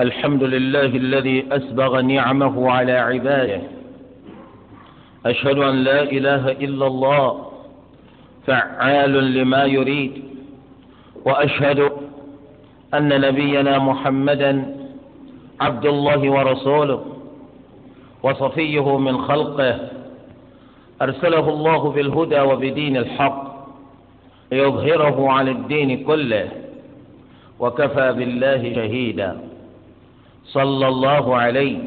الحمد لله الذي أسبغ نعمه على عباده أشهد أن لا إله إلا الله فعال لما يريد وأشهد أن نبينا محمدا عبد الله ورسوله وصفيه من خلقه أرسله الله بالهدى وبدين الحق ليظهره على الدين كله وكفى بالله شهيدا صلى الله عليه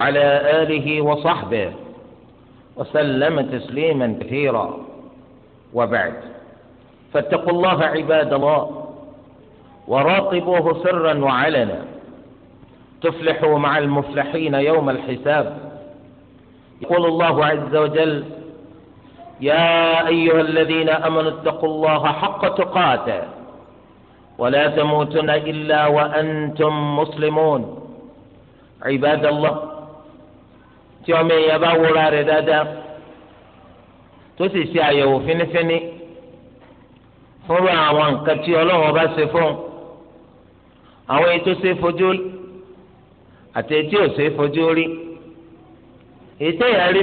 وعلى آله وصحبه وسلم تسليما كثيرا وبعد فاتقوا الله عباد الله وراقبوه سرا وعلنا تفلحوا مع المفلحين يوم الحساب يقول الله عز وجل يا أيها الذين أمنوا اتقوا الله حق تقاته ولا تموتن إلا وأنتم مسلمون عباد الله تيومي يبا ورار دادا تسي سيايو فنفني fúnrú àwọn nǹkan tí ọlọ́run ọba ṣe fún un àwọn èyí tó ṣe fojú àti èyí tí ò ṣe fojú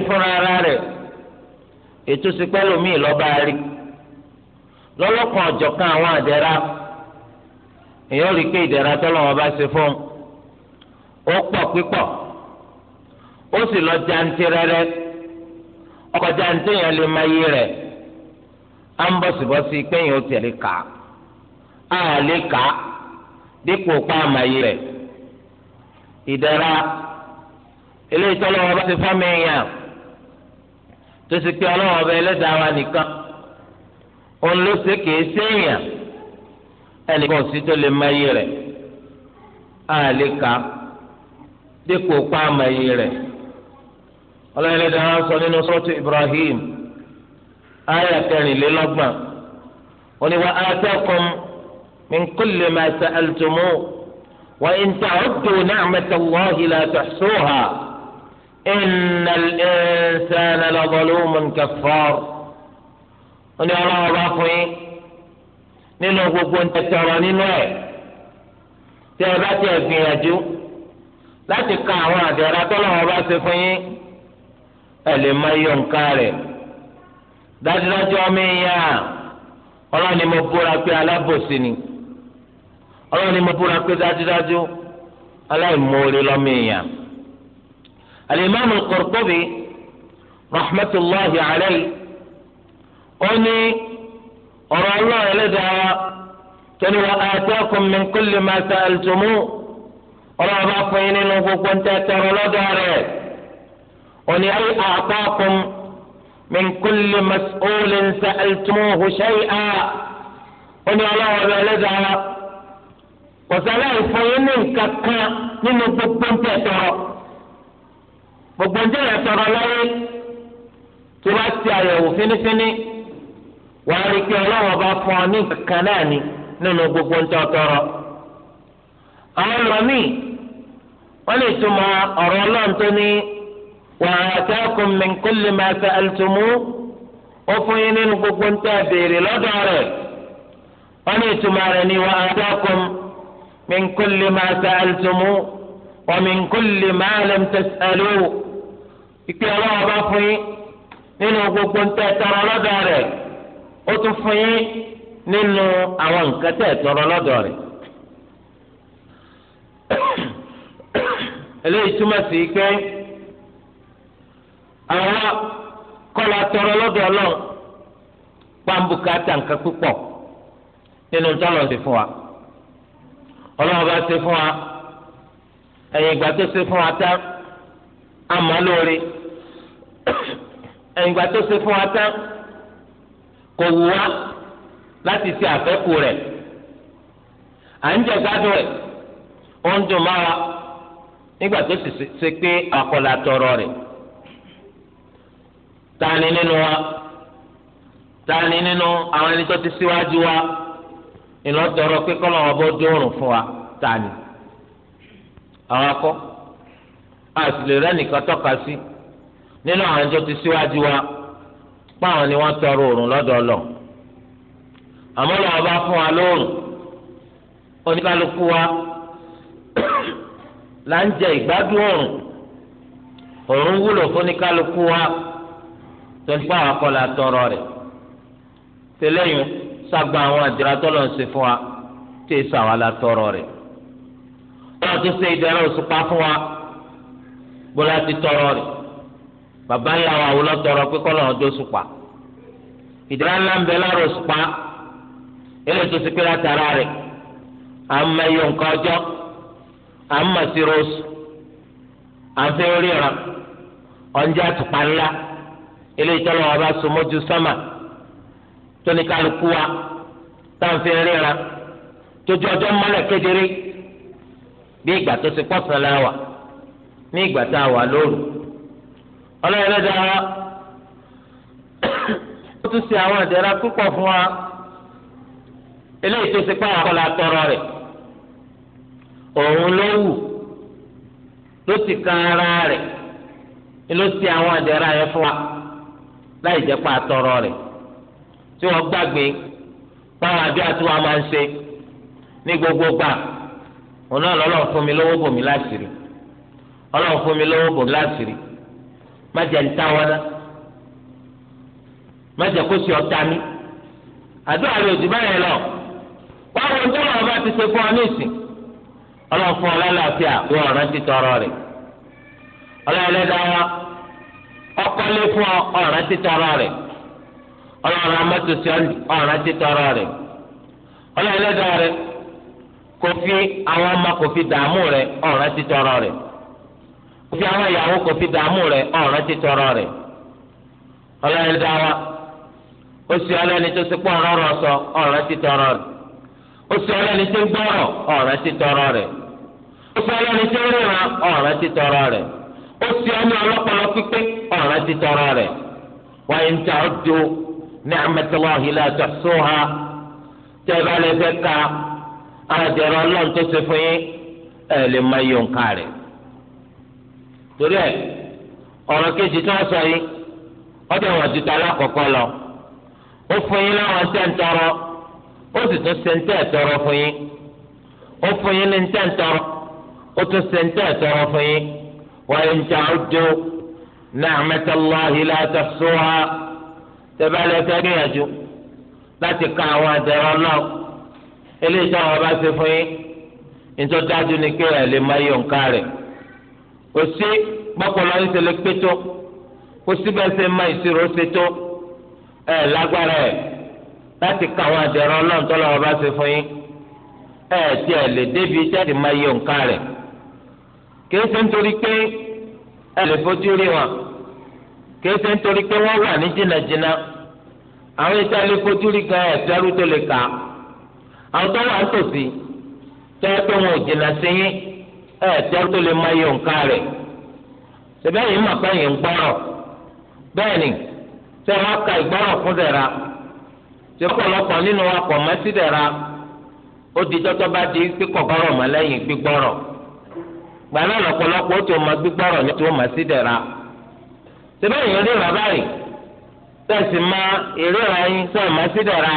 fura ara rẹ̀ eto tó pẹlu pẹ́ lọba ìlọ́ba rí lọ́lọ́kan ọ̀jọ̀kan àwọn èèyàn rí i pé ìdẹ̀ra tọ́lọ́wọ́ bá ṣe fún ó pọ̀ pípọ̀ ó sì lọ jantí rẹ́rẹ́ ọkọ̀ jantí yẹn lè máa yí rẹ̀ á ń bọ̀sibọ́sí péyìn ó tẹ̀lé kà á lè kà dípò pa àmà yí rẹ̀ ìdẹ̀ra eléyìí tọ́lọ́wọ́ bá ṣe fún mi yàn tó sì pé ọlọ́wọ́ ẹlẹ́dàá wa nìkan òun ló ṣe kìí ẹnìkan sì tó lè máa yí rẹ̀ á lè ka dípò pa máa yí rẹ̀ ọlọ́yìn lẹ́dàá á sọ nínú sọ́tù Ibrahim ayé kẹrìnlélọ́gbọ̀n oníwà atẹ́kùn min kulli ma sa'altumu wa in ta'uddu ni'mata Allahi la tuhsuha inna al-insana la zalumun oníwà ọlọ́wọ́ bá fún yín nínú gbogbo ntẹ̀tẹ̀rọ nínú ẹ̀ tí ẹ bá tiẹ̀ gbìyànjú láti ka àwọn àdéhùn tọ́lọ́wọ́n bá ṣe fún yín ẹ lè má yọ nǹkan rẹ̀ dájúdájú ọmọ ìyá ọlọ́ni mo búra pé alábòsí ni ọlọ́ni mo búra pé dájúdájú aláìmoore lọ́mọ ìyá. alimami Qurtubi rahmatulahi alayhi ó ní ọ̀rọ̀ ọlọ́run ẹlẹ́dàá wa tóní wa ataakum min kulli ma sa'altumu ọlọ́run bá fún yín nínú gbogbo ntẹ́tẹ́rọ lọ́dọ̀ rẹ̀ òní ayé ataakum min kulli mas'ulin sa'altumuhu shay'a òní ọlọ́run ẹlẹ́dàá wa kọ̀sálẹ̀ ìfún yín ní nǹkan kan nínú gbogbo ntẹ́tẹ́rọ gbogbo ntẹ́tẹ́rọ lọ́wọ́ tó bá ti àyẹ̀wò fínífíní wàá rí i pé ọlọ́run ọba fún ọ ní kankan náà ni nínú gbogbo ń tọ́tọ́rọ. àwọn ọlọ́mìn wọ́n lè túmọ̀ ọ̀rọ̀ ọlọ́run tó ní wa ataakum min kulli ma sa'altumu ó fún yín nínú gbogbo ń tẹ́ béèrè lọ́dọ̀ rẹ̀ wọ́n lè túmọ̀ rẹ̀ ní wa ataakum min kulli ma sa'altumu wa min kulli ma lam tas'alu ìpè ọlọ́run ọba fún yín nínú gbogbo ń tẹ́ tọrọ lọ́dọ̀ rẹ̀. ó tún fún yín nínú àwọn nǹkan tẹ̀ tọrọ lọ́dọ̀ rẹ̀ eléyìí túmọ̀ sí pé àwọn kọ́lá tọrọ lọ́dọ̀ ọlọ́run pàǹbùkátà nǹkan púpọ̀ nínú tọ́lọ̀ ṣe fún wa ọlọ́run bá ṣe fún wa ẹ̀yìn ìgbà tó ṣe fún wa tán àmọ́ ẹ̀yìn ìgbà tó ṣe fún wa tán. kò wù wá láti ṣe àfẹ́kù rẹ̀ à ń jẹ gbádùn ẹ̀ ó ń dùn máa nígbà tó sì pé àkọlà tọrọ rẹ̀ ta nínú wa ta nínú àwọn ẹni ti síwájú wa ìlọtọrọ pé kọlọ wọn bó fún wa àwọn akọ àti lè rẹ nìkan sí nínú wa. páwọn ni wọ́n tọrọ òrùn lọ́dọ̀ Ọlọ́run àmọ́ lọ́wọ́ bá fún wa lóòrùn oníkálukú wa là ń jẹ ìgbádùn òrùn òrùn wúlò fún oníkálukú wa tó ń pa àwọn tọrọ rẹ̀ tẹlẹ́yìn sàgbà àwọn àdìrà tọ́lọ̀ ń ṣe fún wa tí èso àwọn alátọrọ rẹ̀ wọ́n ti ṣe ìdẹ̀rẹ̀ òṣùpá fún wa bó láti tọrọ rẹ̀. Baba ńlá wa wò lọ́tọ̀ọ̀rọ̀ pé kọ́ lọ́wọ́ dó sùpà ìdílé ńlá ń bẹ lọ́rọ̀ sùpà ilé tó ti pé látara rẹ̀ à ń mọ iye nǹkan ọjọ́ à ń mọ̀ sí rọ́ọ̀sù à ríran àtùpà ńlá ìtọ́lọ́ wa bá so ọlọ́run lẹ́dàá wa ó tún ṣe àwọn ìdẹ̀ra púpọ̀ fún wa eléyìí tó ṣe pé àwọn akọ́lá tọrọ rẹ̀ òun ló wù ló ti kan ara rẹ̀ ló ṣe àwọn ìdẹ̀ra yẹn fún wa láì jẹ́ pé àtọrọ rẹ̀ tí wọ́n gbàgbé báwọn àjọ àti wọn máa ń ṣe ní gbogbo gbà òun náà lọ́lọ́ fún mi lówó bò mí láṣìírí ọlọ́run fún mi lówó bò láṣìírí. má jẹ́ ń ta wọn náà má jẹ́ kó sí ọ̀tá mi àdúrà rẹ̀ òdì báyẹn lọ wọ́n á wọn tó ti ọ fún ti tọrọ rẹ̀ ọlọ́run lẹ́dàá ọkọlẹ fún ọ ti tọrọ rẹ̀ ọlọ́run amọ́tò sí ti tọrọ kò fi àwọn ọmọ kò fi dààmú ti tọrọ fi àwọn ìyàwó kò fi dààmú rẹ̀ ọ̀ràn ti tọrọ rẹ̀ ọlọ́run dá wa ó sì ọlọ́ni tó ti pọ̀ ọ̀rọ̀ sọ ọ̀ràn ti tọrọ rẹ̀ ó sì ọlọ́ni tó ń gbọ́rọ̀ ọ̀ràn ti tọrọ rẹ̀ ó sì ọlọ́ni tó ń ríran ọ̀ràn ti tọrọ rẹ̀ ó sì ọmọ ọlọ́pàá pípé ọ̀ràn ti tọrọ rẹ̀ wáyé ń ta ó do ní amẹtọlọ́hìn láti sọ ha tẹ́ ẹ bá lè fẹ́ ka àdẹ̀rọ̀ ọlọ́run tó ṣe fún yín ẹ lè má yọ̀ǹkà rẹ̀. torí ẹ ọ̀rọ̀ kejì tí wọ́n sọ yìí lọ ó fún yín láwọn tẹ́ǹtọ́rọ ó sì tún ṣe ń fún yín ó fún yín ní tẹ́ǹtọ́rọ ó tún ṣe ń fún yín wọ́n ń ta ọjọ́ ni'matallahi la gbìyànjú láti ka àwọn náà eléyìí bá ṣe fún yín dájú kí lè máa kò sí gbọ́kọ̀lọ́ yín ṣe lè pé tó kó síbẹ̀ ṣe má ìṣirò ṣe tó ẹ̀ lágbára ẹ̀ láti ka àwọn àdẹ̀rọ̀ ọlọ́run tó lọ́wọ́ bá ṣe fún yín ẹ̀ tí ẹ̀ lè débi jáde máa yọ nǹkan rẹ̀ kìí ṣe nítorí pé ẹ̀ lè fojú rí wọn kìí ṣe nítorí pé wọ́n wà ní jìnnàjìnnà àwọn ètò ẹ̀ lè fojú rí gan ẹ̀ fẹ́rú tó lè kà á àwọn tó wà nítòsí tó yẹ pé wọn ò jìnnà sí yín. ẹ̀ẹ́dẹ́rú eh, tó lè máa yọ nǹkan rẹ̀ sẹ́bẹ́ yìí mà pé ń gbọ́rọ̀ bẹ́ẹ̀ ni tẹ́ wọ́n ka ìgbọ́rọ̀ fún dẹ̀ra tí ọ̀pọ̀lọpọ̀ nínú wa kọ̀ mẹ́sí dẹ̀ra ó di tọ́tọ́ bá di kíkọ̀ gbọ́rọ̀ mọ́ lẹ́yìn gbígbọ́rọ̀ ó ti gbígbọ́rọ̀ ní mẹ́sí dẹ̀ra rí tẹ̀sí ìríra yín sọ̀rọ̀ mẹ́sí dẹ̀ra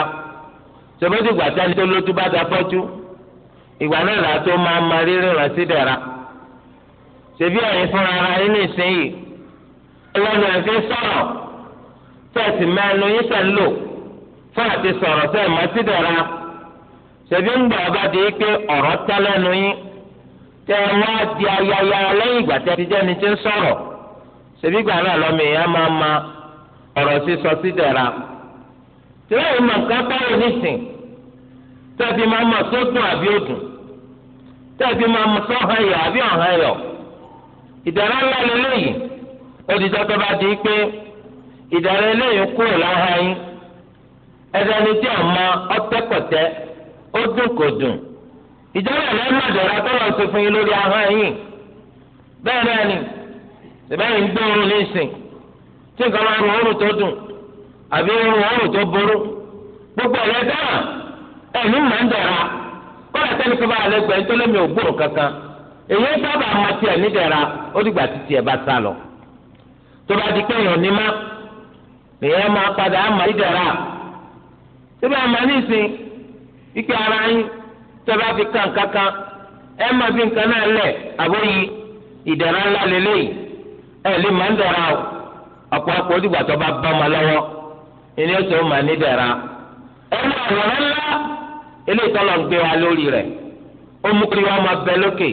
ìgbà náà tó máa ma rírì rántí dẹ̀ra ṣèbí ẹ̀yin fúnra ara yín nìsinyìí ẹlẹ́nu ẹ̀ sọ̀rọ̀ tẹ̀sí mẹ́nu yín sẹ̀ ń lò fún àti sọ̀rọ̀ dẹ̀ra ṣèbí ń gbà ọba di pé ọ̀rọ̀ yín tẹ́ ẹ wá di ayaya lẹ́yìn ìgbà tẹ́ ti ń sọ̀rọ̀ ṣèbí gbà náà lọ́mọ èèyàn máa ma ọ̀rọ̀ sísọ sí dẹ̀ra tẹ́lẹ̀ ìmọ̀ máa àbí tẹ́ẹ̀fì máa mú sọ́hàn yọ àbí ọ̀hàn yọ ìdára ńlá lélẹ́yìn òdìjọ́ tó bá di pé ìdára eléyìí kúrò láhàn yín ẹ̀dẹ́ni tí àmọ́ ọ̀tẹ́kọ̀tẹ́ ó dùn kò dùn ìjọba ìlànà ìdọ̀rà tó lọ fún yín lórí ahọ́n yín bẹ́ẹ̀ náà ni ìbáyìí ń gbé oorun tí nǹkan máa ń rún oorun tó gbogbo ń kọ́lá sẹ́ni kọ́ bá alẹ́ gbẹ́ nítorí mi ò gbòòrò kankan èyí ń sábà mọ tiẹ̀ nídẹ̀ra ó dìgbà tí tiẹ̀ bá sá lọ. tó bá di kéèyàn ní má nìyẹn máa padà á mà nídẹ̀ra síbi àmà ike ara yín tó bá fi kàn kankan fi nǹkan náà lẹ̀ àbóyí ńlá lélẹ́yìí lè ń o ọ̀pọ̀lọpọ̀ dìgbà tó bá bá ọmọ lọ́wọ́ eléyìí tọ́lọ̀ ń gbé wa lórí rẹ̀ ó mú kí wọ́n máa bẹ lókè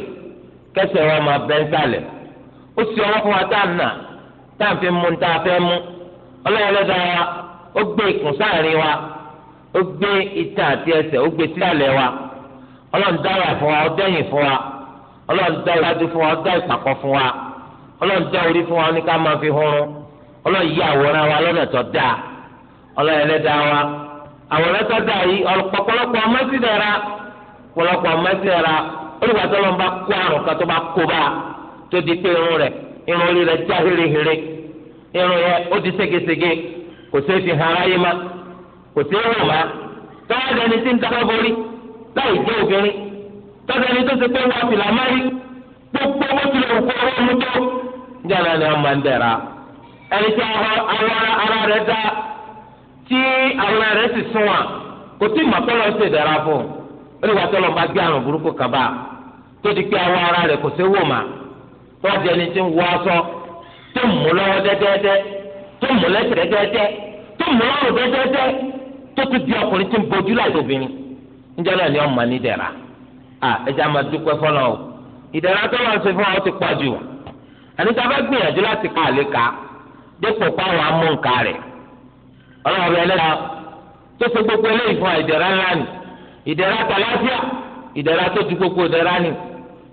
kẹsẹ̀ wọn máa bẹ nsàlẹ̀ ó sì ọwọ́ fún wa tá à nà tá à fi mú tá a fẹ́ mú ọlọ́run lọ́dọ̀ wa ó gbé ikùn sáàrin wa ó gbé ìtàn àti ẹsẹ̀ ó gbé sílẹ̀ wa ọlọ́run dá fún wa ó dẹ́yìn fún wa ọlọ́run dá ìwájú fún wa ó dá ìpàkọ́ fún wa ọlọ́run dá orí fún wa ní ká máa fi hurun ọlọ́run yí àwòrán wa lọ́nà tó dáa wa. àwòrán tọ́jà yìí ọ̀pọ̀lọpọ̀ mẹ́sìdẹ̀ra ọ̀pọ̀lọpọ̀ mẹ́sìdẹ̀ra olùgbà tó lọ́n bá kó àrùn kan tó bá kó bá tó di pé irun rẹ̀ irun orí rẹ̀ já hérehère irun yẹn ó di ségesège kò sí fi hàn aráyé má kò sí irun má tọ́jà ẹni tí ń dábàá borí láì jẹ́ obìnrin tọ́jà ẹni tó ti pé wọ́n ti là má rí gbogbo owó ti lè kó owó mú tó ń jẹ́ wọ́n máa ń dẹ̀ra ẹni tí ara rẹ̀ dáa tí àwọn rẹ̀ sì sún wa kò tí mà tọ́lọ̀ ń fún un ó lè wá bá àrùn burúkú tó di pé àwọn ara rẹ̀ kò sí wò mà tó àjẹ ti ń wọ aṣọ tó ń mú lọ́wọ́ dẹ́dẹ́dẹ́ tó ń mú lẹ́sẹ̀ dẹ́dẹ́dẹ́ di ọkùnrin tí ń láti obìnrin ni ní à ẹja máa o ìdẹ̀ra tó sí fún ọ ti pọ̀ ọlọ́run ọbẹ̀ ẹlẹ́dàá tó ṣe gbogbo eléyìí fún ìdẹ̀ra ńlá ni ìdẹ̀ra tàlàáfíà ìdẹ̀ra tó ti gbogbo ìdẹ̀ra ni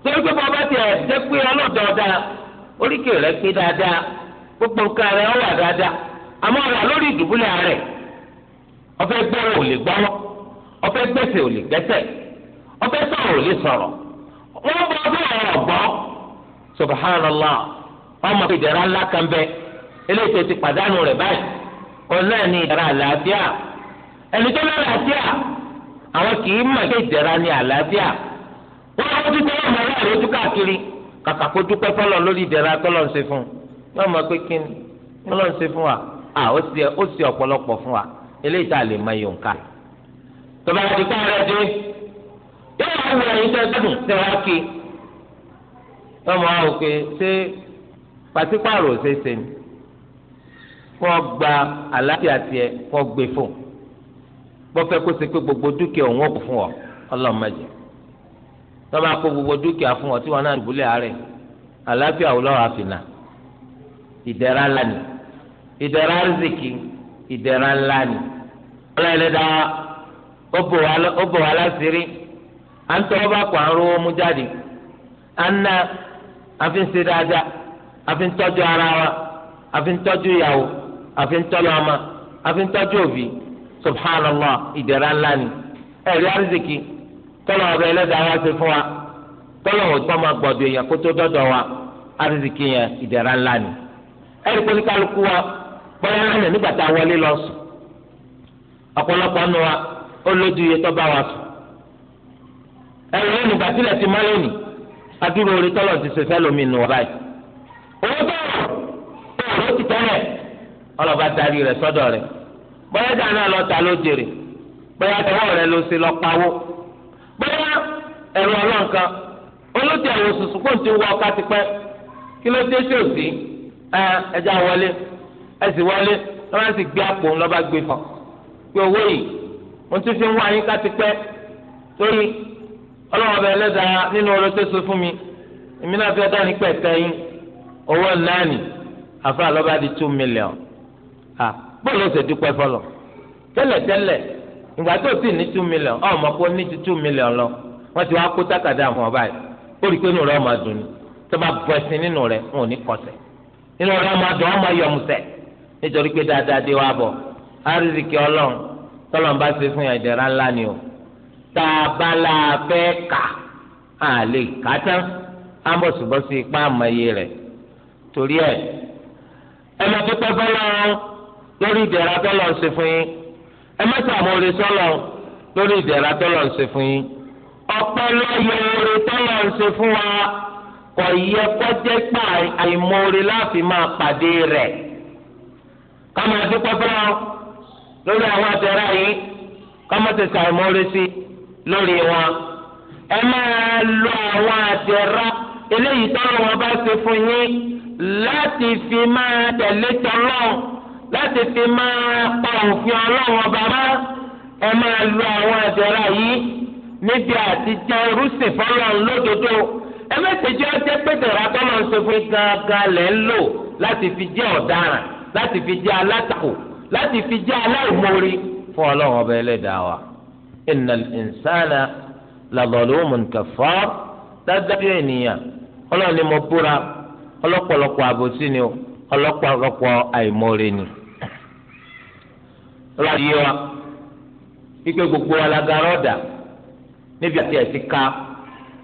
torí pé bàbá tiẹ̀ jẹ́ pé ọlọ́dọọdà oríkè rẹ̀ pé dáadáa gbogbo nǹkan dáadáa àmọ́ ọ̀rọ̀ lórí ìdùbúlẹ̀ gbọ́rọ̀ ò lè gbọ́rọ̀ ò lè sọ̀rọ̀ ò lè sọ̀rọ̀ wọ́n bọ́ ọ̀nà ní ìdára àlàáfíà ẹni tó lálàáfíà àwọn kì í mà ké ìdára ní àlàáfíà wọn àwọn tó tẹ́lẹ̀ mọ́ aláàrẹ ojú káàkiri kàkà kó dúpẹ́ fọlọ́ lórí ìdára tọ́lọ́ ń ṣe fún un yóò mọ̀ pé kí ni tọ́lọ́ ń ṣe fún wa à ó ṣe ọ̀pọ̀lọpọ̀ fún wa eléyìí tá a lè mọ iyò nǹka tọ́ba ti kọ́ ara dé yóò wá wúra k'ọ gba àlàáfíà tiẹ̀ k'ọ gbé fún gbọ́fẹ́ kó ṣe pé gbogbo dúkìá òun ọ̀pọ̀ fún ọ ọlọ́run má gbogbo dúkìá fún ọ tí wọn náà dùbúlẹ̀ àárẹ̀ àlàáfíà òun àfìnà rìzìkì ó bò wá láṣìírí à ń tọ́wọ́ bá kọ́ mú jáde à ń ná àfi ń dáadáa àfi ń àfi ń ọma àfi òbí subhanallah ìdẹ̀ra ńlá ni ẹ̀rí àrísìkì tọ́lọ ọbẹ̀ ẹlẹ́dàá wá sí fún wa tọ́lọ òtún ọmọ gbọ̀dọ̀ èèyàn kó tó dọ́dọ̀ wa àrísìkì yẹn ńlá ni ẹ̀rí pé kálukú wa bọ́lá ńlá nígbà tá a wọlé lọ sùn ọ̀pọ̀lọpọ̀ wa ó lójú iye tó bá wa sùn nígbà ọlọ́ba darí rẹ̀ sọ́dọ̀ rẹ̀ bóyá dáná lọ ta ló jèrè bóyá tọwọ́ rẹ̀ ló ṣe lọ pawó bóyá ẹ̀rọ ọlọ́nkan olóde ẹ̀wọ̀ sùsù kò ti wọ ọkà tipẹ́ kí ló dé sí òsì ẹ ẹja wọlé ẹ sì wọlé lọ́wọ́ sì gbé àpò ńlọ́ba gbé fọ pé owó yìí mo tún fi ń wá yín ká tipẹ́ torí ọlọ́wọ́ bẹ lẹ́dàá nínú olóde fún mi èmi náà fẹ́ dání pẹ̀tẹ́ yín owó ńlá ni àfúrà lọ́ba di two million à bóòlù ó sì dúpẹ́ fọlọ tẹ́lẹ̀tẹ́lẹ̀ ìgbà tó sì ní two million ọ mọ̀ pé ó ní two million lọ wọ́n ti wá kó tákàdá fún ọ báyìí ó rí i pé inú rẹ̀ ọmọ dùn ni tó bá bọ ẹsìn nínú rẹ̀ wọn ò ní kọsẹ̀ inú rẹ̀ ọmọ dùn ọmọ yọmùsẹ̀ nítorí pé dáadáa dé wá bọ̀ árísìkì ọlọ́run tọ́lọ́n bá ṣe fún yàn ìdẹ̀ra ńlá ni o tá a bá la fẹ́ kà á lè kà á tán á bọ̀ ṣùgbọ́n sí ipá àmọ́ iye rẹ̀ torí ẹ̀ ẹ̀ lọ́ lórí ìdẹ̀ra tọ́lọ̀ ń ṣe fún yín ẹ má ṣàmúre sọ́lọ̀ lórí ìdẹ̀ra tọ́lọ̀ ń ṣe fún yín ọpẹ́ lọ́yọ̀ oore tọ́lọ̀ ń ṣe fún wa kò yẹ kọjá pa àìmọ̀ọ́re láti máa pàdé rẹ̀ káma dúpẹ́ fúnra lórí àwọn àtẹ̀rà yìí káma tẹ̀sẹ̀ àìmọ̀ọ́re sí lórí wọn ẹ máa lo àwọn àtẹ̀rà eléyìí tọ́lọ̀ wọn bá ṣe fún yín láti fi máa tẹ̀lé tọ́lọ́ láti fi máa pa òfin ọlọ́run ọba mọ́ ẹ máa lo àwọn àjọra yìí níbi àti jẹ irúsìn fọlọ́run lódodo ẹ mẹ́sẹ̀jì ọjọ́ pẹ̀tẹ̀rẹ̀ akọ́lọ́ ń ṣe fún gangan lẹ́ ń lò láti fi jẹ́ ọ̀daràn láti fi jẹ́ alátakò láti fi jẹ́ aláìmoore fún ọlọ́run ọba ẹlẹ́dàá wa innal insana la zalumun dájú ènìyàn ọlọ́run ni mo búra ọlọ́pọ̀lọpọ̀ àbòsí ni ọlọ́pọ̀lọpọ̀ àìmoore ni. rà yé wa ikpe gbogbo alagara ọ̀dà níbi àti ká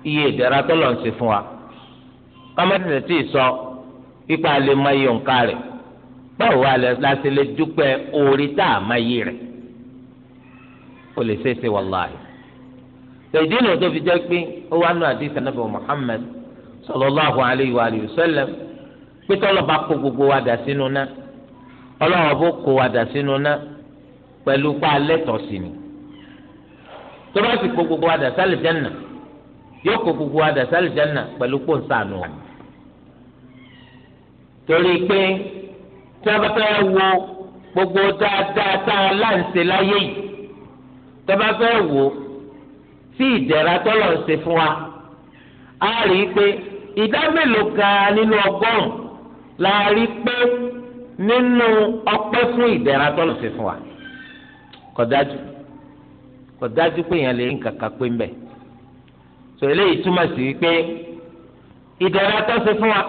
iye ìdára tolonsi ń ṣe fún wa sọ ipa lè mọ iye òǹkà rẹ̀ báwo wà láti lè orí tá a o lè ṣeéṣe wàláhì tẹ̀dí nù tó fi jẹ́ pé ó wà nù àdìsí anábì alayhi wa pé gbogbo wa dà sínú náà ọlọ́wọ́ bó kó wa dà pẹ̀lú pa alẹ́tọ̀ sí ni tó bá sì kó gbogbo adà sálì jẹ́nà yóò kó gbogbo adà sálì jẹ́nà pẹ̀lú pò ń sànù wa torí pé tí a bá fẹ́ wo gbogbo dáadáa tá a láǹṣe láyé yìí tó bá fẹ́ wo tí ìdẹ̀ra tọ́lọ̀ ń ṣe fún wa a rí i pé ìdá mélòó gan-an nínú ọgọ́rùn-ún la rí i pé nínú ọpẹ́ fún ìdẹ̀ra tọ́lọ̀ ṣe fún wa kọdájú kọdájú pé èèyàn lè rí nǹkan kan pé ń bẹ sọ eléyìí túmọ̀ sí wípé ìdẹ̀ra tó fún wa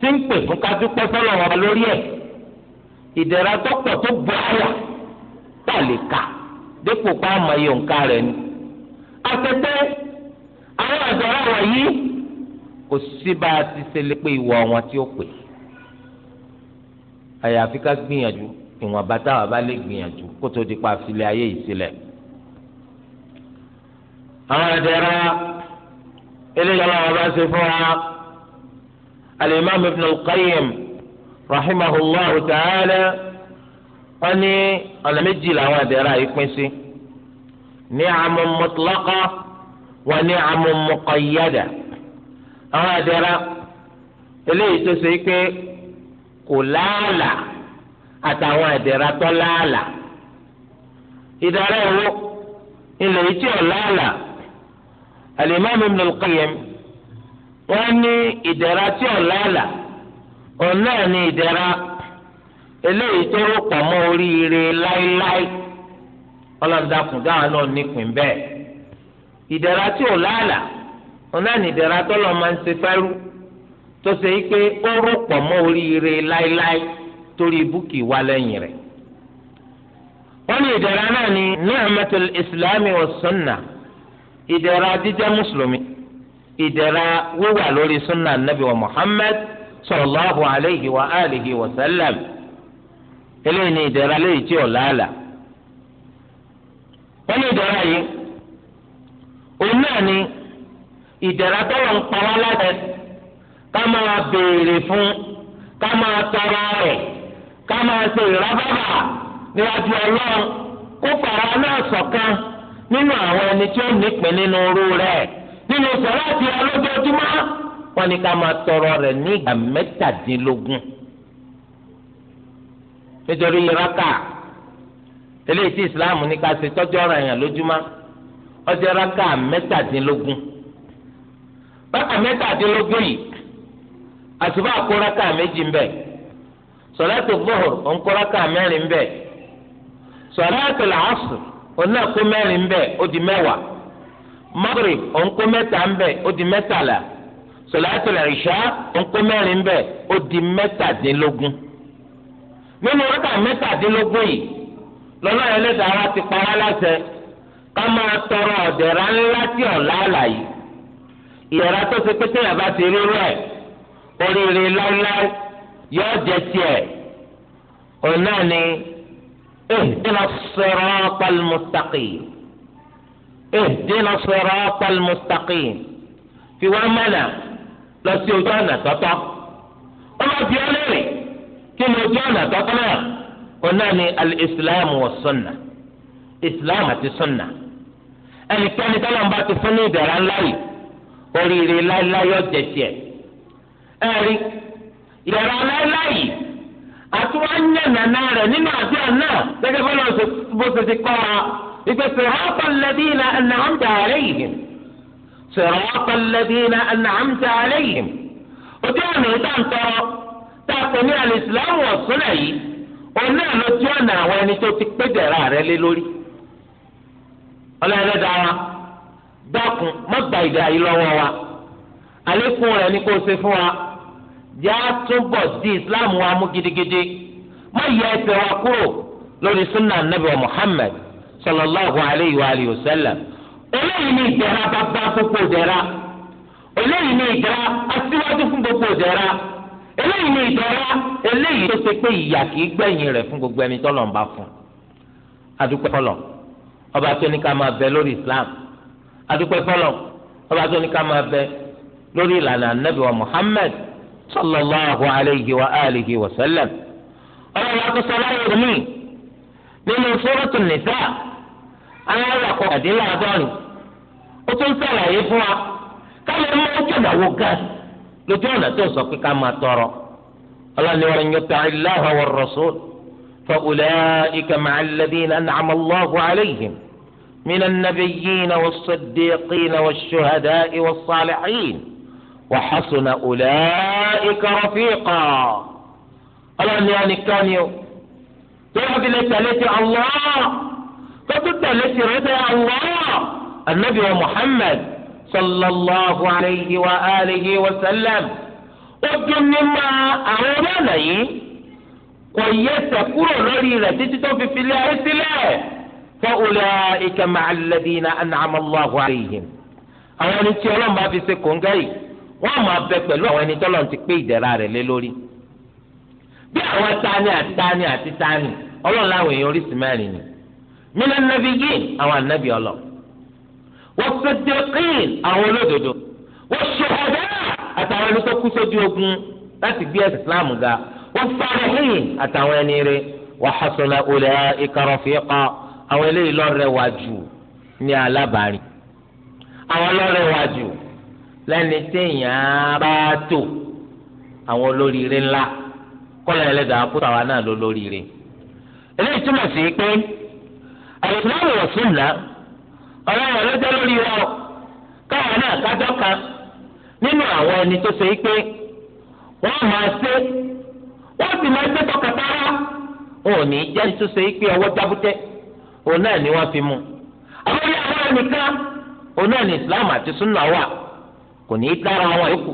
ti ń pè fún kájúpẹ́ sọ́lọ̀ wọn lórí ẹ̀ ìdẹ̀ra tó pọ̀ tó bọ̀ àyà tá lè kà dépò pa àmọ́ iye òǹkà rẹ̀ ni àtẹ̀tẹ̀ àwọn àdàrà wọ̀nyí kò sí bá a ti ṣe lè pé ìwọ tí ó pè àyàfi ká gbìyànjú ìwọ̀n bàtà wà bá lè gbìyànjú kó tó di pa filẹ̀ ayé yìí sílẹ̀. àwọn ẹ̀dẹ̀rẹ́ eléyìí ọlọ́wọ́ bá ṣe fún wa alimami ibn al-qayyim rahimahullahu ta'ala wọ́n ní ọ̀nà méjì làwọn ẹ̀dẹ̀rẹ́ yìí pín sí ni'amun mutlaqa wa ni'amun muqayyada àwọn ẹ̀dẹ̀rẹ́ eléyìí tó ṣe pé kò láàlà. àtàwọn ẹ̀dẹ̀ra tọ́ láàlà ìdára ẹ̀wọ́ ilẹ̀ yìí tí ò láàlà alimami Ibn wọ́n ní ìdẹ̀ra tí ò òun náà ní ìdẹ̀ra eléyìí tó rò pọ̀ mọ́ oríire láéláé ọlọ́dàkùn dáhà náà nípìn bẹ́ẹ̀ ìdẹ̀ra tí ò òun náà ní ìdẹ̀ra tọ́lọ́ máa ń ṣe fẹ́rú tó ṣe é pé ó rò pọ̀ mọ́ oríire torí búkì wá lẹ́yìn rẹ̀ wọ́n ní ìdẹ̀ra náà ní ni'matul islam wa sunna ìdẹ̀ra jíjẹ́ mùsùlùmí ìdẹ̀ra wíwà lórí sunna nabi wa muhammad sallallahu alayhi wa alihi wa sallam eléyìí ní ìdẹ̀ra léyìí tí ò láàlà wọ́n ní ìdẹ̀ra yìí òun náà ní ìdẹ̀ra tó ń pa wá láti ká máa béèrè fún ká máa tọrọ rẹ̀. ká máa ṣe ìrábàbà níwájú ọlọ́run kó fara náà ṣọ̀kan nínú àwọn ẹni tí ó nípìn nínú orú rẹ̀ nínú sọ̀rọ̀ àti ọlọ́jọ́júmọ́ wọn ni ká máa tọrọ rẹ̀ ní ìgbà mẹ́tàdínlógún nítorí raka eléyìí tí islam ní ká ṣe tọ́jú ọ̀rọ̀ èèyàn lójúmọ́ ọjọ́ raka mẹ́tàdínlógún raka mẹ́tàdínlógún yìí sọláàtì bọ́ọ̀rù ònkọ́láka mẹ́rin ń bẹ̀ sọláàtì làásù onáko mẹ́rin ń bẹ̀ ó di mẹ́wàá mọ́gìrì ònkó mẹ́ta ń bẹ̀ ó di mẹ́tàlá sọláàtì làìṣá ònkó mẹ́rin ń bẹ̀ ó di mẹ́tàdínlógún nínú rákà mẹ́tàdínlógún yìí lọ́nà ẹlẹ́dàá ti pa wá láṣẹ ká máa tọrọ ọ̀dẹ̀rà ńlá tí ọ̀la àlàyé ìyẹ̀rà tó ṣe pété yàrá ti rírọ̀ ẹ̀ oríire láéláé yọ jẹ tiẹ̀ òun náà ni ihdina siratal mustaqim ihdina siratal mustaqim fi wá mẹ́nà lọ sí ojú ọ̀nà tọ́tọ́ ọmọ bí ọ lérè kí ni ojú ọ̀nà tọ́tọ́ náà òun náà ni al-islam wa sunna àti sunna ẹnikẹ́ni tọ́lọ́ ń ti fún ní ìdẹ̀ra ńlá yìí oríire láíláí ọ̀jẹ̀ tiẹ̀ ẹ̀rí ìyàrá láéláyìí àtúwányànà náà rẹ̀ nínú àdúrà náà gẹ́gẹ́ bọ́lá bó ṣe ti kọ́ wa ìpèsè ọ̀pọ̀ lẹ́dínà ẹ̀nà ọ̀mdà àlẹ́yìn sirata alladhina an'amta alayhim ojú ọ̀nà ìtàǹtọ́ táàpọ̀ ní al-Islam wa sunnah yìí òun náà ló tí ọ̀nà àwọn ẹni tó ti pé dẹ̀ra rẹ lé lórí. ọlọ́run jẹ́ àtúbọ̀ sí islam wa mú gidigidi má yẹ ẹsẹ̀ wa kúrò lórí sunna anabi wa muhammad sallallahu alayhi wa alayhi wa sallam eléyìí ní ìdẹ̀ra bàbá gbogbo ìdẹ̀ra eléyìí ní ìdẹ̀ra aṣíwájú fún gbogbo ìdẹ̀ra eléyìí ní ìdẹ̀ra eléyìí tó ṣe pé ìyà kì í gbogbo ẹni tọ́lọ̀ ń bá fún adúpẹ́ fọlọ̀ ọba islam adúpẹ́ fọlọ̀ ọba tó ní ká máa bẹ lórí ìlànà صلى الله عليه وآله وسلم أنا لا تصلى يرمي من سورة النساء أنا لا قد لا أدري لا يفوى كان ما كان وقال لجونا توصف كما ترى الله لمن يطع الله والرسول فأولئك مع الذين أنعم الله عليهم من النبيين والصديقين والشهداء والصالحين wa hasuna ulaika rafiqa ọlọ́run ní ẹnìkan ni o tó wọ́n fi lè tẹ̀lé ti Allah tó tún tẹ̀lé ti rẹ̀ tẹ̀ Allah anabi wa Muhammad sallallahu alayhi wa alihi wa sallam ó dún ní ma àwọn ọlọ́ọ̀nà yìí kò yẹ sẹ̀ kúrò lórí rẹ̀ títí tó fi filẹ̀ ayé sílẹ̀ fọ́ ọ̀là ìkàmà alladhina an'ama Allahu alayhim àwọn ẹni tí ọlọ́run bá fi ṣe kòńgá yìí wọ́n máa bẹ pẹ̀lú àwọn ẹni tọ́lọ́run ti pé ìdẹ̀ra rẹ̀ lé lórí bí àwọn tani àti tani àti tani ọlọ́run láwọn èèyàn oríṣi mẹ́rin ni mina nabi yìí àwọn anabi ọlọ wọ́n pété kín àwọn olódodo wọ́n ṣòwòdà àtàwọn ẹni tó kú sójú ogun láti gbé ẹ̀sìn islam ga wọ́n sáré kín àtàwọn ẹni rẹ̀ wọ́n hasọ̀nà olè ìkarọ̀ fìkà àwọn eléyìí lọ́rẹ̀ wájú ní alábàárín àwọn lọ́rẹ̀ wájú. lẹ́ni téèyàn bá tò àwọn olóríire ńlá kọ́lá ẹlẹ́dàá kó tàwa náà ló lóríire. eléyìí túmọ̀ sí pé àìsàn àwọn ọ̀sùn náà ọlọ́run ọlọ́jọ́ lórí wọn káwọn náà kájọ́ kan nínú àwọn ẹni tó ṣe pé wọ́n máa ṣe wọ́n sì máa ṣe tọkàtàrà òun ní jẹ́ tó ṣe pé ọwọ́ jábútẹ́ òun náà ni wọ́n fi mú. àwọn ilé àwọn ẹnìkan òun náà kò ní í dára wọn yòókù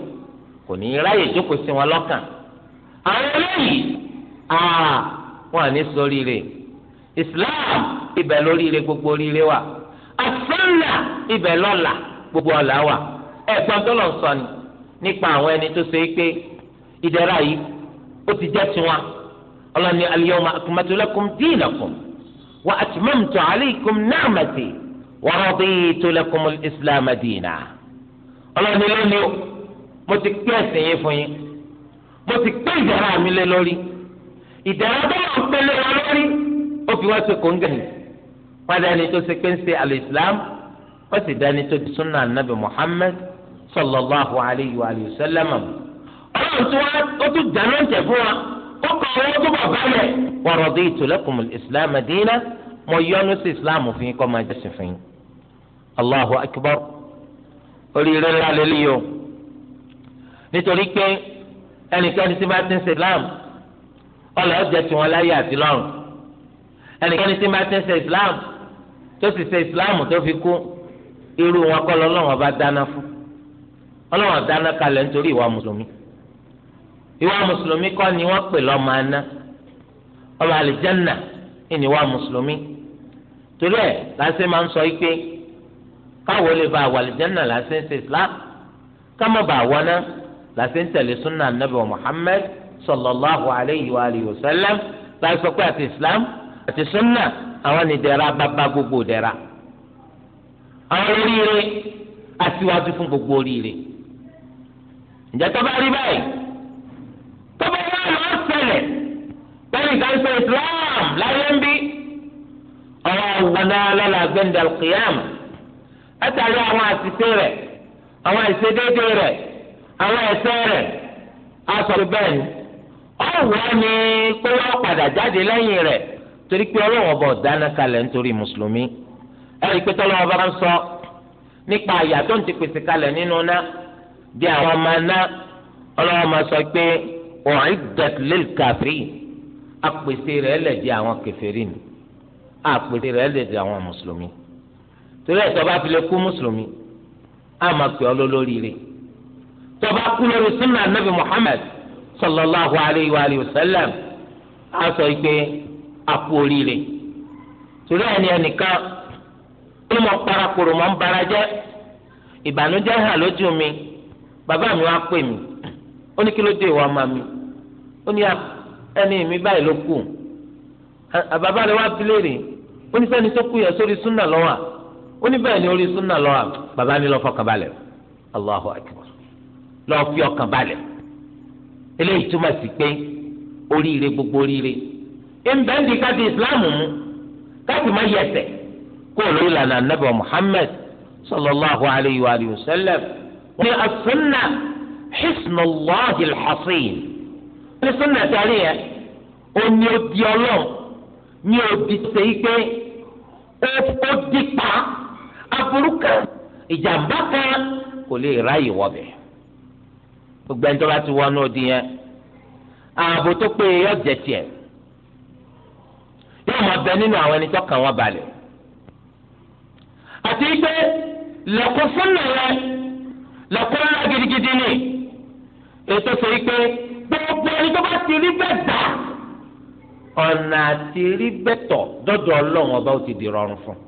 kò ní í ráyè jókòó sí wọn lọ́kàn àwọn eléyìí wọn ní riire. Islam ibẹ̀ lórí gbogbo oríire wa. asọ́là ibẹ̀ lọ́là gbogbo ọla wa. ẹ̀gbọ́n tó lọ sọ ni nípa àwọn ẹni tó ṣe é pé ìdẹ̀ra yìí ó ti jẹ tiwọn wa wa ọlọ́ni lónìí o mo ti pé ẹ̀sìn yìí fún yín mo ti pé ìdára mi lé lórí ìdára tó wà pélé wa lórí ó fi wá sí kóńgẹ̀lì wọ́n dání tó ṣe pé ń ṣe alìsílám wọ́n sì dání tó di sunna anabi muhammed sallallahu alayhi wa sallam ọlọ́run tí wọ́n ó tún dáná tẹ̀ fún wa ó kọ owó tó bọ̀ bálẹ̀ wa raditu lakum al-islam dinan mo yọ́nú sí islam fún yín kọ́ máa jẹ́sìn fún yín allahu akbar oríire ńlá lélẹ́yìí o nítorí pé ẹnikẹ́ni tí bá ti ń ṣe Islam ọlọ́ ọ̀jẹ̀ tí wọ́n láyé àti lọ́rùn ẹnikẹ́ni tí bá ti ń ṣe Islam tó sì ṣe Islam tó fi kú irú wọn kọ́ lọ́lọ́wọ́n bá dáná fún ọlọ́wọ́n dáná kalẹ̀ nítorí ìwà mùsùlùmí ìwà mùsùlùmí kọ́ ni wọ́n pè lọ́mọ aná ọba àlìjánà ìníwà mùsùlùmí torí ẹ̀ lásìkò máa ń sọ yìí pé káwọ lè ba àwàlìjánà làṣẹ ń ṣe islam kámọ bá àwọn náà làṣẹ ń tẹ̀lé sunna anabi muhammed sallallahu alayhi wa alihi wa sallam láti sọ pé àti islam àti sunna àwọn ni dẹ̀ra bàbá gbogbo dẹ̀ra àwọn oríire aṣíwájú fún gbogbo oríire ǹjẹ́ tó rí báyìí tó bá wà lọ́ọ́ ṣẹlẹ̀ pẹ̀lú ìdánsẹ̀ islam láyé ń bí ọ̀rọ̀ àwọn náà lọ́la gbẹ̀ndàlùkìyàmù látàrí àwọn àṣìṣe rẹ̀ àwọn àìṣedédé rẹ̀ àwọn ẹ̀ṣẹ̀ rẹ̀ aṣọ tó bẹ́ẹ̀ ni ọ̀wọ́ ni pé wọ́n padà jáde lẹ́yìn rẹ̀ torí pé ọlọ́wọ́ bọ̀ dáná kalẹ̀ nítorí mùsùlùmí ẹ̀rí pé tọ́lọ́wọ́ bá ń sọ nípa àyà tó ń ti pèsè kalẹ̀ nínú ná bí àwọn ọmọ ná ọlọ́wọ́ máa sọ pé ọ̀hún ìdẹ̀tìlẹ́lì kàfírí àpèsè rẹ̀ lẹ̀ di àwọn kèfèrí àpèsè rẹ̀ lẹ̀ di àwọn mùsùlùmí. torí ẹ̀ tọ́ba fi lè kú mùsùlùmí á máa ọ́ lólórí rẹ̀ tọ́ba kú lórí sunna nabi sallallahu alayhi wa sallam á sọ pé a oríire torí ẹ̀ ni ẹnìkan ó mọ parakòrò mọ́ ń bara jẹ́ ìbànújẹ́ lójú mi bàbá mi pè mí ó ní kí ló dé ìwà ọmọ mi ó ní ẹni mi báyìí ló kù wá rè ó ní sẹ́ni ó ní bẹ́ẹ̀ ni orí súnà lọ́ra bàbá ní lọ́ọ́ fọkàn balẹ̀ Allahu akbar lọ́ọ́ fi ọkàn balẹ̀ eléyìí túmọ̀ sí pé oríire gbogbo oríire ìbẹ́ǹdì káti ìsìláàmù mu káti má yẹsẹ̀ kó o lórí lànà ànábì Muhammad sallallahu alayhi wa sallam wọ́n ní asúnà hisnullahi alhasin ní súnà tàrí yẹn ó ní odi ọlọ́run ní odi sèyí pé ó di pa aburú kan ìjàmbá kan kò lè ráyè wọbẹ gbogbo ẹni tó bá ti wọnú odi yẹn ààbò tó pé yọ jẹ tiẹ yóò máa bẹ nínú àwọn ẹni tó kàn wọn balẹ̀ àti pé lẹ̀kùn fúnnà rẹ lẹ̀kùn ńlá gidigidi ni ètò sọ yìí pé gbogbo ẹni tó bá ti rí bẹ́ẹ̀ gbà ọ̀nà àti rí bẹ́ẹ̀ tọ̀ dọ́dọ̀ ọlọ́run ọba ó ti di rọrùn fún un.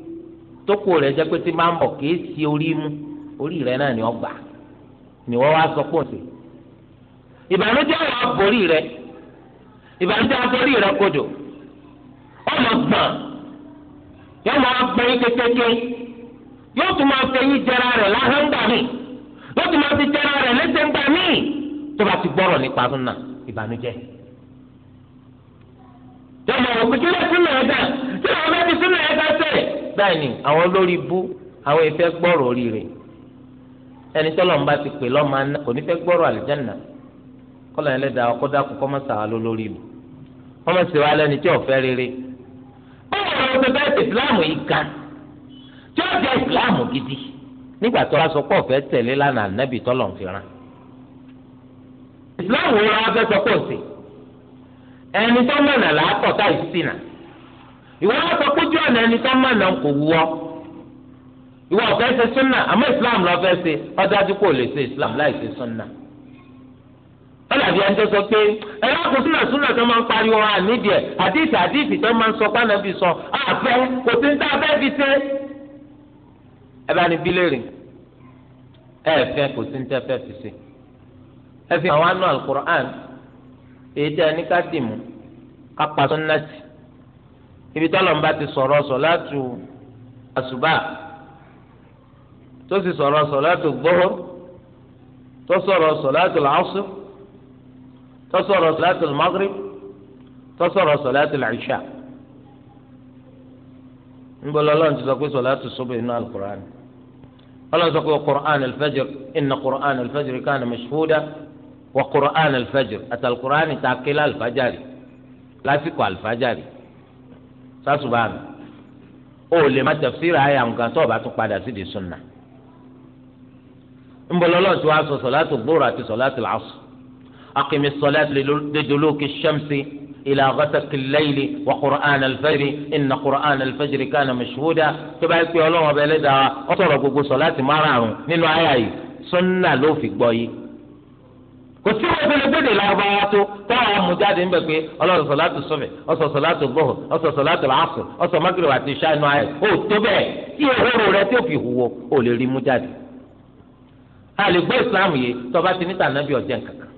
tókò rẹ̀ jẹ́ pé tí máa ń bọ̀ kì í orí mú orí náà ni ọgbà ni wọ́n wá sọ pọ̀ sí. ìbànújẹ́ ọ̀rọ̀ borí na ìbànújẹ́ àtọ́rí rẹ̀ kodò ọmọ gbọ̀n yóò máa gbọ̀n yín kékeré yóò tún máa fẹ́ yín jẹra rẹ̀ mi yóò tún máa fi jẹra rẹ̀ lẹ́sẹ̀ mi tó bá ti gbọ́rọ̀ nípa súnà ìbànújẹ́ jọmọ òkú kí lè bẹ́ẹ̀ ni àwọn olórí bú àwọn ìfẹ́ gbọ́rọ̀ oríire ẹni ń bá ti pè lọ́mọ aná kò ní fẹ́ gbọ́rọ̀ àlìjáná kọ́lọ̀ yẹn lẹ́dàá ọkọ́ dákú kọ́ mọ́sà mi rere báwo ni wọ́n ti ti ìsìláàmù yìí ga tí ó gidi nígbà tó ìwọ wọn sọ pé ojú ọ̀nà ẹni tó máa nà kò wú ọ ìwọ ọ̀fẹ́ ṣe súnà àmọ́ islam lọ́ọ́ fẹ́ ṣe ọ̀dájú kò lè ṣe islam láì ṣe súnà ọlọ́dàbí ẹni tó sọ pé ẹ̀rọ kò súnà súnà tó máa ń pariwo hàn nídìí ẹ̀ àdìsí àdìsí tó máa ń sọ pánàbì sọ àfẹ́ kò sí ní tá a fẹ́ fi ṣe ẹ bá ní bílẹ̀rì ẹ fẹ́ kò sí ní tá a fẹ́ fi ṣe ẹ fi àwọn anú alukur'an ibi tọ́lọ̀ ń bá ti sọ̀rọ̀ sọ̀látù àṣùbà tó sì sọ̀rọ̀ sọ̀látù gbọ́họ́ tó sọ̀rọ̀ sọ̀látù làásù tó sọ̀rọ̀ sọ̀látù magrib tó sọ̀rọ̀ sọ̀látù làìṣà ńgbọ́lọ́ ọlọ́run ti sọ pé sọ̀látù sọ́bẹ̀ inú alukur'an ọlọ́run sọ pé qur'an alfajr inna qur'an alfajr kana mashhuda wa qur'an alfajr àtàlùkur'an ìtàkìlá alfajari lásìkò alfajari sásùbáàmì ó lè má tafsir àyà nǹkan tó o bá tún padà sí di sunna nbọlọlọ tí wàá sọ sọláàtù gbóòrò àti sọláàtù làásù akimi sọláàtù liduluki shamsi ila ghasaqi al-layli wa qur'an al-fajri inna qur'an al-fajri kana mashhuda tó bá yẹ pé lé dáa ọ sọ̀rọ̀ gbogbo sọláàtù márùn-ún nínú àyà yìí sunna ló fi gbọ́ kò sí wọn tó lè gbèdè wa tó táwọn amújáde ńbẹ pé ọlọ́run ọsọ sọ láti ọsọ sọ láti ọsọ mákìrì ṣáínú ayẹ ó tó tí rẹ tó fi ó lè rí a lè gbọ́ ìsìlámù yìí tọba ti níta nábì ọ̀jẹ̀ kankan.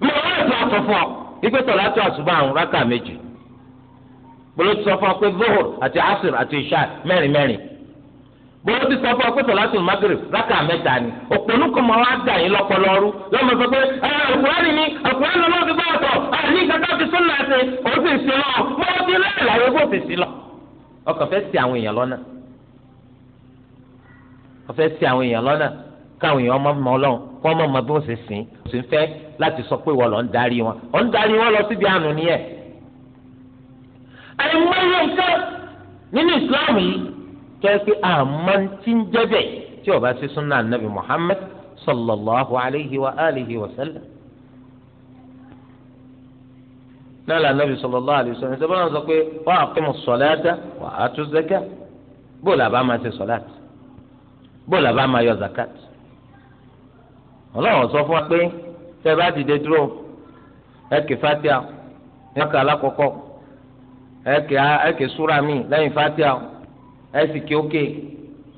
mi ò ètò ọ̀sọ̀ fún ọ ìgbé tọ̀lá tó àṣùbọ̀ àrùn rákà méjì. bolo sọ fún ọ pé bọ́lá ti sọ fún ọ pé sọ̀látù magrib rákà mẹ́ta ni òpònú kan máa wá yín lọ́mọ sọ pé ni ló lọ́ọ́ fi bá ọ̀tọ̀ àní ṣe sì sí lọ mọ́ ọ ti lẹ́yìn láyé bó sì lọ. ọkàn fẹ́ àwọn èèyàn lọ́nà ọkàn káwọn èèyàn ọmọ ọlọ́run ọmọ tọ́yẹ pé àmọ́ ti ń jẹ́bẹ̀ tí ó bá sí súnà nàbì Muhammad sallallahu alayhi wa alihi wa sallam. náà là nàbì sallallahu alayhi wa sallam ṣe bọ́lá ń sọ pé wa aqimu salata wa atu zakat bóòlù àbá máa ṣe sọ̀láàt bóòlù àbá máa yọ zakat. ọlọ́run sọ fún wa pé tẹ́ bá dìde dúró ẹ kì fatia ẹ kà alákọ̀ọ́kọ́ ẹ kì súra mi lẹ́yìn fatia ẹsì kí ó ké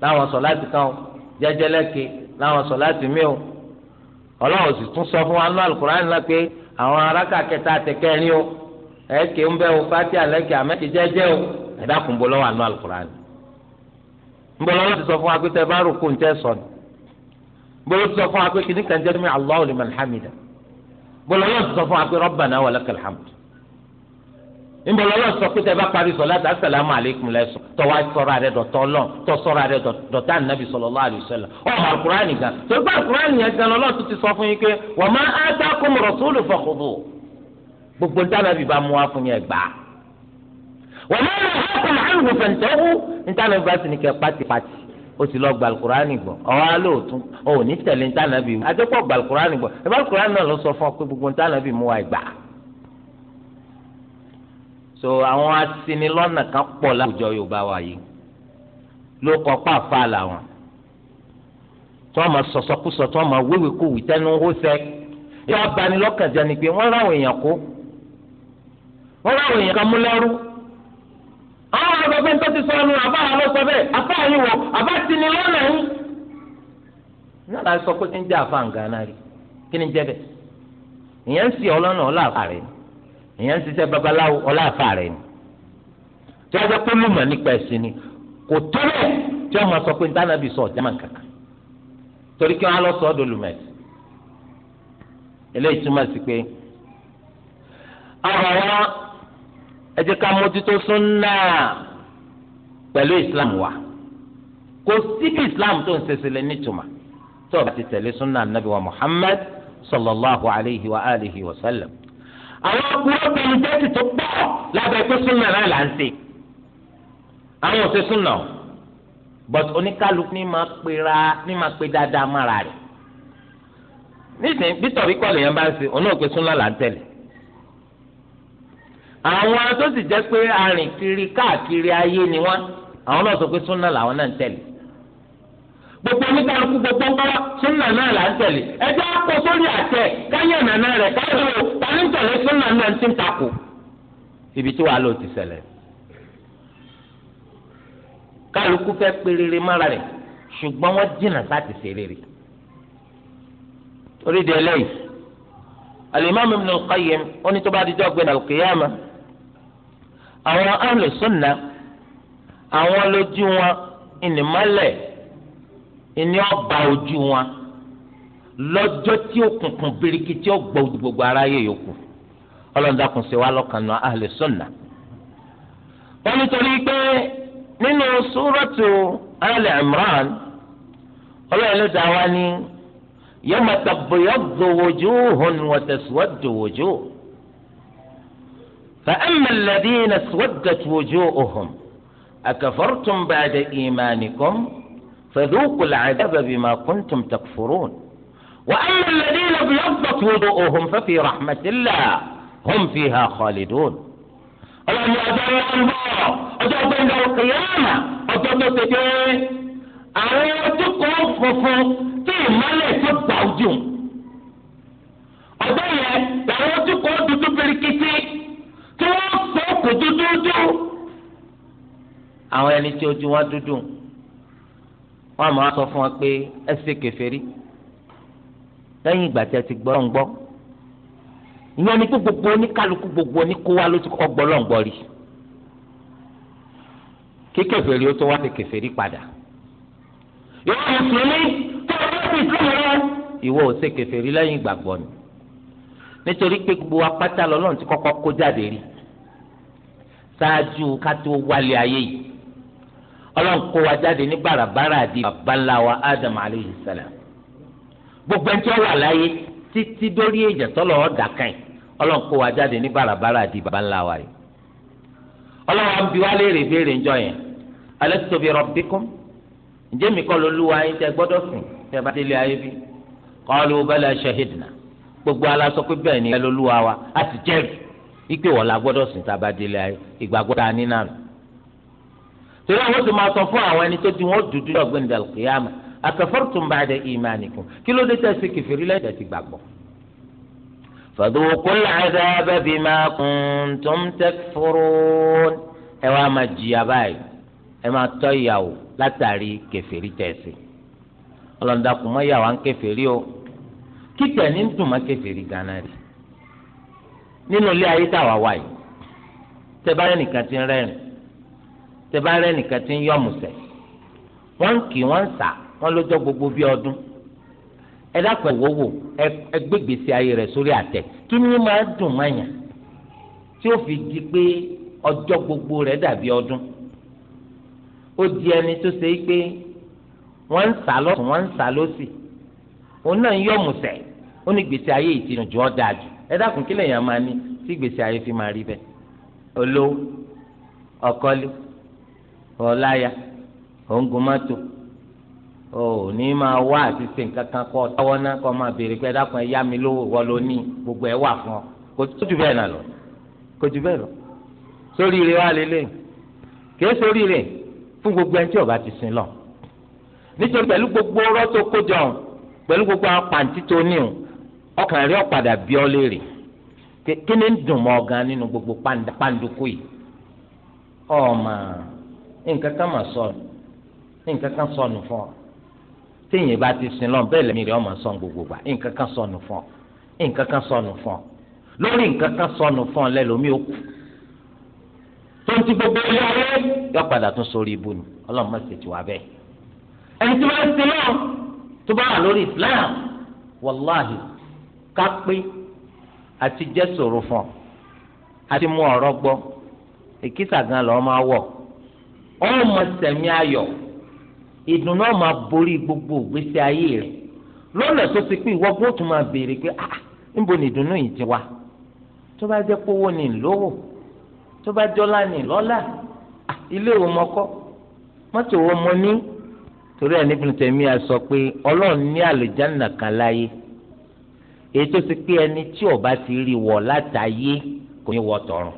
láwọn sọ láti kàn ó jẹjẹlẹke láwọn sọ láti mí ó Ọlọ́run sì tún sọ fún wa nínú Al-Qur'an náà pé àwọn aráka kẹta àtẹkẹrin ó ẹkẹ ń bẹ o fati alẹkẹ amẹkẹ jẹjẹ o ẹ̀dá kún bọ lọ́wọ́ nínú Al-Qur'an ń bọ lọ́wọ́ ti sọ fún wa pé tẹ bá rò kó ń tẹ sọ ni bọlọ ti sọ fún wa pé kìnnìkan jẹ mi Allahu liman hamida bọlọ yóò ti sọ fún wa pé Rabbana wa lakal hamd nbọlọlọ sọ pé tẹ́ bá parí sọlá tà sàlámù aleykum lẹsùn tọwá sọ̀rọ̀ àrẹ dọtọ Ọlọ́run tọ sọ̀rọ̀ àrẹ dọtà nàbì sallallahu alaihi wasallam ọmọ alukurani gan tó bá alukurani yẹn gan lọlọ tó ti sọ fún yín pé wa ma atakum rasulu fakhudhu gbogbo ntànàbì bá mú wa fún yẹn gbà wa ma nahakum anhu fantahu ntànàbì bá sì ní kẹ pátipáti ó ti lọ gba alukurani gbọ́ gba alukurani gbọ́ ẹ bá alukurani náà lọ sọ fún ọ so àwọn aṣinilọ́nà kan pọ̀ láwùjọ Yorùbá wa yìí ló kọ́ pàfà làwọn tí wọ́n máa sọ̀sọ́kúsọ tí wọ́n máa wéwèé kó wì tẹ́nu ó sẹ́ yóò abanilọ́kàn ni pé wọ́n ráwọn èèyàn kó wọ́n ráwọn èèyàn kan mú lẹ́rú àwọn àgbẹ̀ pé nítorí ti sọ ẹnu àbá àlọ́ sọ bẹ́ẹ̀ àbá yìí wọ̀ àbá ti ní lọ́nà yìí. náà sọ pé kí n jẹ́ àfa ǹgànà rí kí ni jẹ́ bẹ́ẹ̀ ìyẹn ń sì ọlọ́nà ọlọ́ èèyàn ń ṣiṣẹ́ babaláwo ọláàfà rẹ̀ ni tí wọ́n fẹ́ kó lùmọ̀ nípa ẹ̀sìn ni kò tó bẹ́ẹ̀ tí wọ́n máa sọ pé ntànàbì sọ ọ̀já máa kàkà torí kí wọ́n á lọ sọ ọ́dọ̀ lùmọ̀ ẹ̀sìn eléyìí túmọ̀ sí pé ẹ jẹ́ ká mójútó pẹ̀lú Islam wa kò Islam tó ń nítumọ̀ tó o bá ti tẹ̀lé nàbí wa Muhammad sallallahu alayhi wa alihi wa àwọn ọkùnrin bíi jẹ́sì tó pọ̀ lábẹ́ pé súnà náà là ń ṣe àwọn ò ṣe súnà but oníkálukú ni máa pera ni máa pe dáadáa mára rẹ̀ nísìnyí bí tọ̀rí kọ́ bá ń ṣe òun náà pé súnà là ń tẹ̀lé àwọn tó sì jẹ́ pé arìnkiri káàkiri ayé ni wọ́n àwọn náà sọ pé súnà làwọn náà ń tẹ̀lé gbogbo oníkàlùkù gbogbo ńkọ́ súnà náà là ń tẹ̀lé ẹjẹ́ akọ sórí àtẹ káyọ̀ nàná rẹ̀ káyọ̀ o tani ń tẹ̀lé súnà náà ti ń takò ibi tí wàá lò ti ṣẹlẹ̀ kálukú fẹ́ pérére mára rẹ̀ ṣùgbọ́n wọ́n jìnnà sáti ṣerére torí de eléyìí Al-Imam Ibn Al-Qayyim ó ní tó bá dijọ́ gbé náà al-qiyama àwọn Ahlus Sunnah àwọn lójú wọn ìnìmọ́lẹ̀ ìní ọba ojú wọn lọ́jọ́ tí òkùnkùn biriki tí ó gbọ́ ojú gbogbo aráyé yòókù ọlọ́dàkùn ṣe wá lọ́kàn náà ahli sunna. wọ́n nítorí pé nínú súrọ́tù Ali Imran ọlọ́run ló dá wa ní yawma tabyaḍḍu wujuhun wa taswaddu wujuh. فأما الذين اسودت وجوههم أكفرتم بعد إيمانكم فذوقوا العذاب بما كنتم تكفرون وأما الذين ابيضت وجوههم ففي رحمة الله هم فيها خالدون ọlọ́run ní ọjọ́ ńlá ọjọ́ gbẹ̀ngàn òkèèyàn ọjọ́ tó tètè àwọn ojú kan funfun tí ìmọ́lẹ̀ tó gbà ojú ọjọ́ yẹn làwọn ojú kan dúdú birikiti tí wọ́n sọ kò dúdú dú àwọn ẹni tí ojú wọn dúdú wọn máa sọ fún wa pé ẹ ṣe kèfèrí lẹ́yìn ìgbà tí ẹ ti gbọ́ ńgbọ́ ìyẹn ni pé gbogbo oníkálukú gbogbo oníkówá ló ti kọ́kọ́ gbọ́ lọ́ngbọ́ rí kí kèfèrí ó tó wá ṣe kèfèrí padà yóò ṣe kèfèrí tó o bá ti sí rẹ ìwọ ò ṣe kèfèrí lẹ́yìn ìgbàgbọ́ ni nítorí pé gbogbo apáta lọ́lọ́run ti kọ́kọ́ kó jáde rí ṣáájú ká tó wálé ayé yìí ọlọ́run kó wa jáde ní bàràbàrà àti babalá wa ádámù gbogbo ẹni tí ó wà láyé títí dórí èjì tọ́lọ̀ ọ̀dà kan yìí ọlọ́run wa jáde ní bàràbàrà léèrè béèrè ńjọ bá délé ayé gbogbo pé bẹ́ẹ̀ ni ẹ wa gbọ́dọ̀ sùn bá délé ayé ní torí àwọn tó máa sọ fún àwọn ẹni tó ti wọn dúdú ọgbẹni dàlùkìyàmù akafartum ba'da imanikum kí ló dé tẹsí kẹfìrí lẹ́yìn tẹsí gbàgbọ́. fadhuqul adhaba bima kuntum takfurun ẹ wàá máa jìyà báyìí ẹ máa tọ́ ìyàwó látàrí kẹfìrí tẹsí ọlọ́dàkùn mọ́ ìyàwó à ń kẹfìrí o kí tẹ̀ní ń dùn má kẹfìrí gánà rí nínú ilé ayé táwa wáyé tẹ bá yẹn nìkan ti rẹ́rìn tẹ́bárẹ́ nìkan ti ń yọ ọ̀mùsẹ̀ wọ́n ń kì wọ́n ń sà wọ́n lọ́jọ́ gbogbo bíi ọdún ẹ dákun ẹ̀ wọ́wọ́ ẹ gbégbèsè ayé rẹ̀ sórí àtẹ kí ni máa dùn mọ́yàn tí ó fi di pé ọjọ́ gbogbo rẹ̀ dàbí ọdún ó di ẹni tó ṣe é pé wọ́n ń sà lọ́sùn wọ́n ń sà lọ́sì òun náà ń yọ ọ̀mùsẹ̀ ó ní gbèsè ayé ìtìjú ọ́ jù ẹ dákun kí lèèyàn máa ní tí gbèsè ayé fi máa rí bẹ́ẹ̀ olówó ọ̀kọ́lé ọláyà òǹgùmátò ò ní máa wá àti ṣe nǹkan kan kọ táwọn náà kọ máa béèrè pé dákun ẹ yá mi lówó ìwọ ló ní gbogbo ẹ wà fún ọ kò tó jù bẹ́ẹ̀ nà lọ kò jù bẹ́ẹ̀ lọ sórí rẹ wà lélẹ̀ kìí sórí rẹ fún gbogbo ẹni tí ọba ti sin lọ nítorí pẹ̀lú gbogbo ọ̀rọ̀ tó kó pẹ̀lú gbogbo àwọn tó ní o ọkàn rẹ ọ̀padà bí ọ léèrè kí ni ń dùn mọ́ ọ gan nínú gbogbo pàǹdùkú yìí ọ̀ọ́ máa. nǹkan kan mà sọnù nǹkan kan sọnù fún ọ ti sin lọ bẹ́ẹ̀ lẹ́mìí rẹ̀ ọmọ gbogbo gbà nǹkan kan sọnù fún ọ nǹkan kan sọnù fún ọ lórí nǹkan kan sọnù fún ọ gbogbo ilé ayé yọ padà tún sórí ibu ni má ṣe ti wá bẹ́ẹ̀ ẹni tí wọ́n sin náà tó bá wà lórí Islam wàláhì kápé àti jẹ́ fún ọ àti mú gan máa ọmọ sẹ̀mí ayọ̀ ìdùnnú ọmọ borí gbogbo gbèsè ayé rẹ̀ lọ́nà tó ti pé ìwọ gbọ́ tó máa béèrè pé ah níbo ni ìdùnnú yìí ti wá tó bá jẹ́ pówó ni lówó tó bá jọ́lá ni lọ́lá ah, ilé ìwọ mọ́kọ́ mọ́tò wo mo ní torí ẹni Ibn Taymiyyah sọ pé ọlọ́run ní àlùjánnà kan láyé èyí tó ti pé ẹni tí ó bá ti rí wọ̀ látàyé kò ní wọ̀ tọ̀run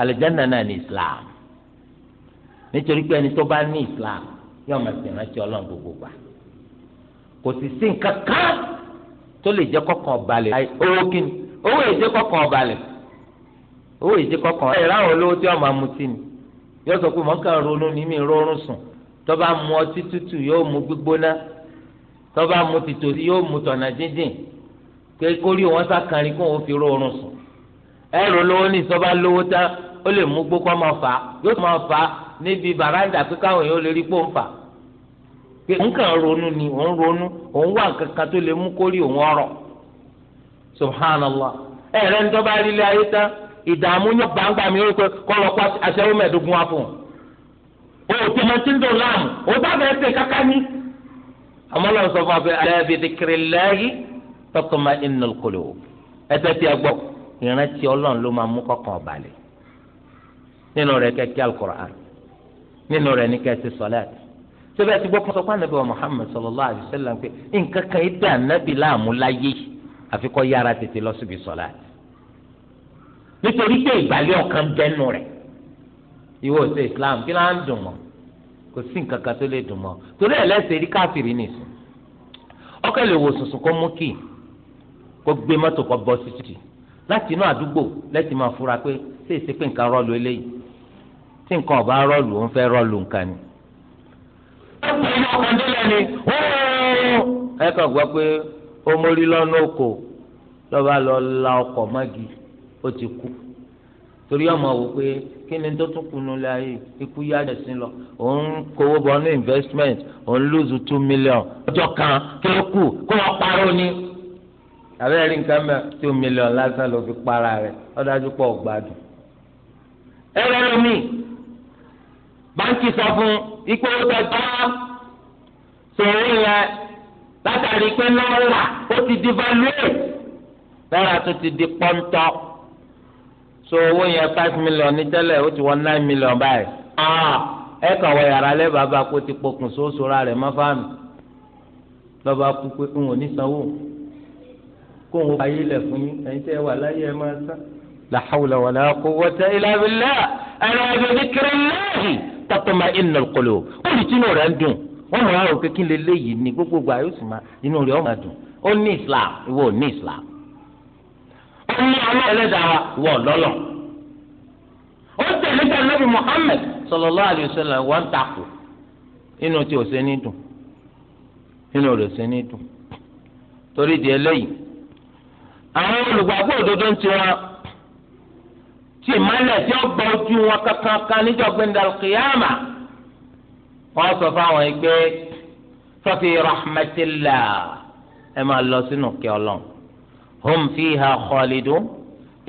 àlùjánnà náà ní Islam nítorí pé ẹni tó bá ní islam yóò máa sì rántí ọlọ́run gbogbo gbà kò sì sí nǹkan kan tó lè jẹ́ kọ́kàn balẹ̀ owó kíni owó èjẹ́ kọ́kàn balẹ̀ owó èjẹ́ kọ́kàn ẹ̀ ráhùn olówó tí wọ́n máa mutí ni yóò sọ pé mọ̀ọ́kàn ronú ní mi rọrùn sùn tó bá mu ọtí tútù yóò mu gbígbóná tó bá mu tìtòsí yóò mu tọ̀nà jíjìn kékeré wọn sàkànrin kó wọn fi rọrùn sùn ẹ̀rọ lówó ní ìsọ́ba lówó tá ó lè mú gbó máa fà yóò máa fà á níbi baranda pé káwọn èèyàn lè rí pọ́ǹpà pé òun kàn ronú ni òun ronú òun wà kankan tó lè mú kórì òun ọrọ̀ subhanallah ẹ rẹ ń ayé tán ìdààmú gbangba mi ó pa aṣẹ́wó wa o ń dùn láàmú o bá bẹ̀rẹ̀ pé ní. sọ fún wa pé o. ẹsẹ̀ tí a gbọ́ ìrántí ọlọ́run ló máa mú kọ́kàn nínú rẹ̀ ní kẹ́sì sọ́láàtì sọ́bẹ̀ tí gbọ́kọ́ sọ́kọ́ ànábì wa Muhammad sallallahu alayhi wa sallam pé nǹkan kan yìí tẹ ànábì láàmú láyé àfi kó yára tètè lọ síbi sọ́láàtì nítorí pé ìgbàlẹ́ ọ̀kan bẹ́nu rẹ̀ ìwọ ṣe Islam kí ló ń dùn mọ́ kò sí nǹkan kan tó lè dùn mọ́ torí ẹ̀ lẹ́sẹ̀ rí káfíìrì nìsín ọkọ̀ lè wo sùnsùn mú kì kó gbé mọ́tò kó bọ́ sí títì láti inú àdúgbò lẹ́sìn máa fura pé ṣé pé nǹkan rọ́ọ̀lù eléyìí tí nǹkan ọba rọlù ń fẹ́ rọlù nǹkan ni. ẹ kàn gbọ́ pé ó mórí lọ́nà oko lọ́ba lọ la ọkọ̀ mọ́gi ó ti kú torí ọmọ wò pé kí ni tó tún kunu ayé ikú yá lọ òun kówó bọ ní investment òun lose two million ọjọ kan kí ló kù kó lọ ni nǹkan mẹ́ two million lásán ló fi para rẹ̀ dájú báńkì sọ fún ikú owó tẹ bá sòwò yẹn látàrí pé náírà ó ti di value náírà tó ti di pọ́ńtọ́ so owó yẹn five million ní tẹ́lẹ̀ ó ti wọ nine million báyìí ah, ẹ kàn wọ yàrá lẹ́ bàbá kó ti pokùn sóso ra rẹ̀ mọ́ fáàmì lọ́ba kú pé ń wò ní sanwó kó ń wò ayé lẹ̀ fún yín ẹ̀yin tẹ́ wà láyé ẹ̀ máa sá. la hawla wala quwwata illa billah ala bi dhikrillahi. tatọ́mà ìnà kọlọ́ kọ́ọ̀lì tí inú rẹ̀ ń dùn wọ́n mọ̀ láwọn kékin lè léyìí ní gbogbogbò àyè òsì máa inú rẹ̀ dùn ó islam ìwọ islam ó ní ó muhammed inú tí dùn inú dùn torí di àwọn òdodo tí ìmọ̀lẹ̀ tí ó gbọ́ ojú wọn kankan kan níjọ́ gbẹ̀ndà kìyàmà wọ́n sọ fáwọn yìí pé fọ́fì rahmatillah ẹ máa lọ sínú kí ọlọ́n hum fiha khalidun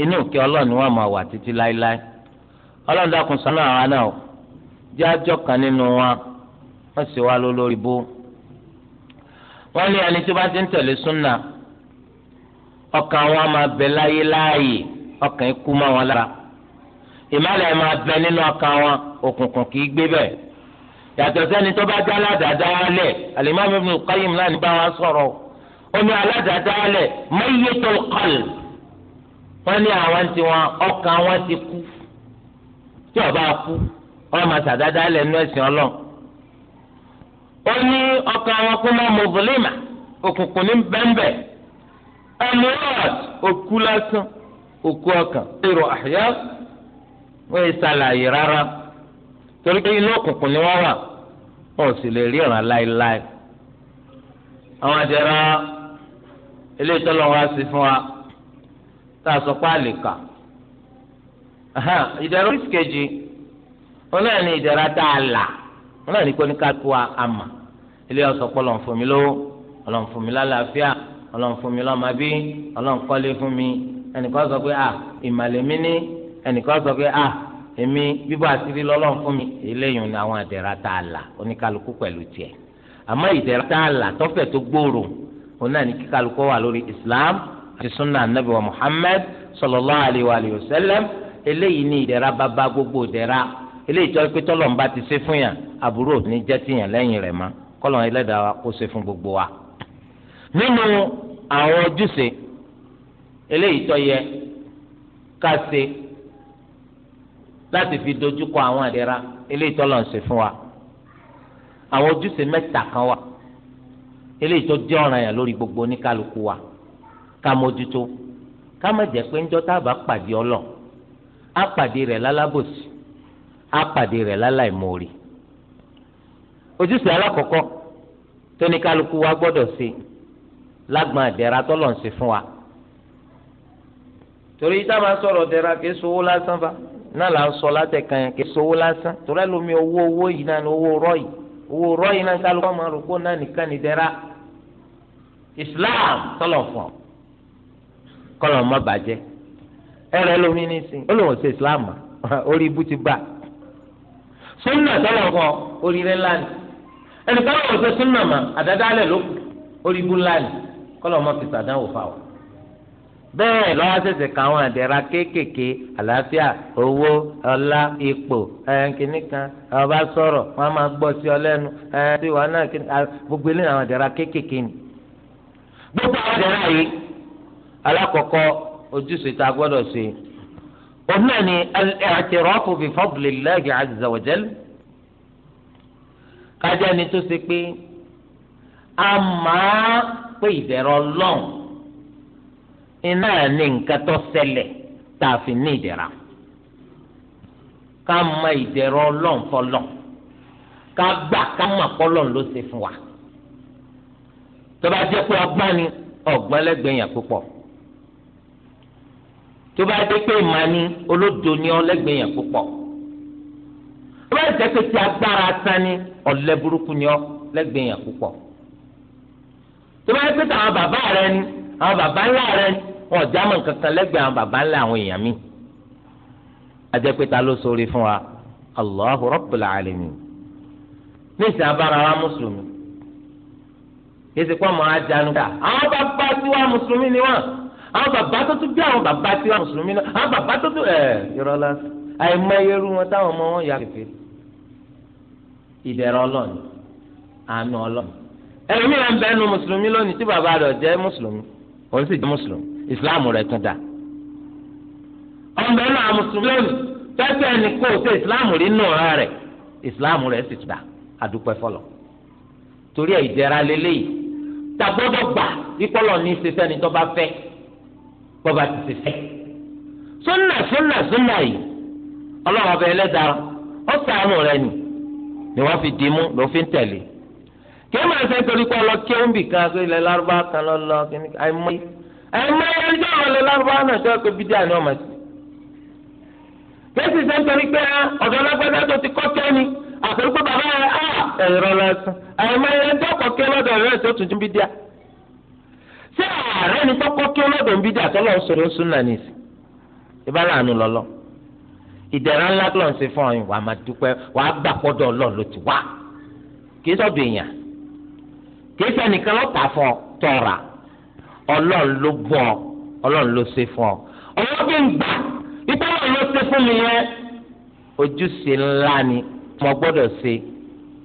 inú kí ọlọ́n ni wọ́n máa wà títí láéláé ọlọ́n dákun sọ́nà àwọn náà jẹ́ àjọ kan nínú wọn wọ́n sì wá lólórí bó wọ́n ní ẹni tó ti ń tẹ̀lé súnà ọkàn wọn máa bẹ láyé láàyè ikú mọ́ wọn lára ìmọ̀lẹ̀ máa bẹ nínú ọkàn wọn òkùnkùn kì í gbé bẹ̀. yàtọ̀ sẹ́ni tó bá dá aládàádáálẹ̀ alimami ibn qayyim náà ní bá wa sọ̀rọ̀ ó ní aládàádáálẹ̀ mayyitul qalb wọ́n ní àwọn tiwọn ọkàn wọn ti kú tí ó bá kú wọ́n máa sàdádáálẹ̀ nínú ẹ̀sìn ọlọ́run. ó ní ọkàn wọn kú mọ́ mọ̀bùlímà òkùnkùn ní bẹ́ńbẹ́ ẹnu rọ̀t òkú lásán òkú ọkàn èrò àyà wọ́n ṣàlàyé rárá torí pé ilé òkùnkùn ni wọ́n wà wọ́n sì lè rí ọ̀ràn láéláé àwọn àjẹrà ilé ìtọ́lọ̀ wa sí fún wa tá a sọ pé a ìdẹ̀rọ kejì wọn náà ní ìdẹ̀rọ tá a là wọn náà ní kó tó a àmà ilé ọ̀sọ̀ pọ̀ lọ́n fún lálàáfíà fún mi ẹnìkan sọ pé à mi ẹnìkan sọ pé ah èmi bíbá àṣírí lọ́lọ́run fún mi eléyìí ni àwọn àdẹ̀rà tá a là oníkálukú pẹ̀lú tiẹ̀ àmọ́ ìdẹ̀rà tá a là tọ́fẹ̀ tó gbòòrò òun náà ní kíkálukú wà lórí Islam àti sunna anabi wa Muhammad sallallahu alayhi wa sallam eléyìí ni ìdẹ̀ra bàbá gbogbo ìdẹ̀ra eléyìí tó pé tọ́lọ́run bá ti ṣe fún yàn àbúrò ní jẹ́ tìyàn lẹ́yìn rẹ̀ mọ́ kọ́lọ́run ẹlẹ́dàá láti fi dojúkọ àwọn àdéhà eléyìí tó lọ́n ṣe fún wa àwọn ojúṣe mẹ́ta kan wà eléyìí tó jẹ́ ọ̀ràn yẹn lórí gbogbo oníkálukú wa ká mójútó ká má jẹ́ pé ńjọ́ tá a bá pàdé ọlọ́ á pàdé rẹ̀ lálábòsí á pàdé rẹ̀ láláìmoore ojúṣe alákọ̀ọ́kọ́ tó oníkálukú wa gbọ́dọ̀ ṣe lágbọn àdéhà tó lọ́n ṣe fún wa torí táwọn sọ̀rọ̀ dẹ̀ra kì í lásán fa náà là ń sọ látẹ̀kàn yẹn kí sowó lásán torí ẹlòmíì owó owó yìí náà ni owó rọ́ọ̀yì owó rọ́ọ̀yì náà kálukọ́ máa rò kó náà nìkan ní Islam tọ́lọ̀ fún ọ kọ́lọ̀ má bàjẹ́ ẹ̀rọ ẹlòmíì ní sìn ó lòun ṣe Islam orí ibú ti bá súnà tọ́lọ̀ fún ọ oríire ńlá ni ẹnìkan lọ́wọ́ ṣe súnà mà àdádálẹ̀ ló orí ibú ńlá ni kọ́lọ̀ má fi sàdánwò fáwọn. bẹ́ẹ̀ lọ́wọ́ ṣẹ̀ṣẹ̀ kan àwọn àdẹ̀ra kéékèèké àlàáfíà owó ọlá ipò kìnnì kan ọba sọ̀rọ̀ wọn máa gbọ́ sí ọ lẹ́nu náà gbogbo àwọn àdẹ̀ra kéékèèké ni. gbogbo àwọn àdẹ̀ra yìí alákọ̀ọ́kọ́ ojúṣe a gbọ́dọ̀ ṣe òun náà ni kájá ni iná ní nǹkan tó taa tá a fi ní ìdẹ̀ra ká mọ ìdẹ̀ra ọlọ́run fọlọ́ ká gbà ká mọ ọlọ́run ló ṣe fún wa tó bá jẹ́ pé ọgbọ́n ni ọgbọ́n lẹ́gbẹ̀ẹ́ yẹn púpọ̀ tó bá jẹ́ pé ìmọ̀ ni olódo ni ọlẹ́gbẹ̀ẹ́ yẹn púpọ̀ tó bá jẹ́ pé ti ni ni yẹn púpọ̀ tó bá jẹ́ pé tàwọn ni àwọn bàbá ńlá rẹ wọn ò jámọ̀ kankan lẹ́gbẹ̀ẹ́ àwọn baba ńlá àwọn èèyàn mi. ajẹ́pẹ́ta ló sọrí fún wa allahu rabbil alamin nísìnyí abára wa mùsùlùmí yéésì pọ́ mọ́ ajanu dà àwọn bàbá tiwa mùsùlùmí ni wọn àwọn bàbá tó tún bí àwọn bàbá tiwa mùsùlùmí náà àwọn bàbá tó tún ẹ̀ ìrọ̀lá àìmọyeru wọn táwọn ọmọ wọn yà kẹfẹ́ ìdẹ̀rọ̀ ọlọ́ọ̀ni àánú ọlọ́ọ̀ni ẹ̀rọ mi à ń bẹ́ẹ̀ mùsùlùmí lónìí tí bàbá rẹ̀ jẹ́ mùsùlùmí òun sì jẹ́ mùsùlùmí ìsìláàmù rẹ̀ tún dà ọmọbìnrin náà mùsùlùmí lónìí tẹ́tẹ́ ẹni kó o ṣe ìsìláàmù rí nù ọ̀rá rẹ̀ ìsìláàmù rẹ̀ sì tún dà adúpẹ́ fọlọ́ torí ẹ̀ ìdẹ̀ra lélẹ́yìí tá a gbà ìkọlọ̀ ní ṣe fẹ́ni tó bá fẹ́ ti ṣe fẹ́ sunna sunna sunna yìí ọlọ́run ọba ẹlẹ́dàá ó sàánù rẹ nì ni wọ́n fi dìímú ló fi ń tẹ̀lé kí ẹ máa ṣe torí pé ọlọ́kẹ́ ń bì kan sí ilẹ̀ lárúbá kan lọ́lọ́ kí ni àìmọ́ yìí ẹ̀mọ́ ẹjọ́ ọ̀lẹ́ lárúbáwá náà sọ pé bídíà ni ọmọ sí. kéésì sẹ́ pé ah, ọ̀dọ́ lágbádá tó ti kọ́ kẹ́ni bàbá rẹ̀ á ah, ẹ̀rọ lásán ẹ̀mọ́ ẹjọ́ kọ́kẹ́ lọ́dọ̀ rẹ̀ tó tún ṣé ààrẹ ni tó lọ́dọ̀ sọ̀rọ̀ sún náà nìyí lọ́lọ́ ńlá tó ṣe fún ọlọ́run ló gbọ́n ọ ọlọ́run ló ṣe fún ọ ọwọ́ ń gbà ipá ọlọ́run ló ṣe fún mi yẹn ojúṣe ńlá ni mo gbọ́dọ̀ ṣe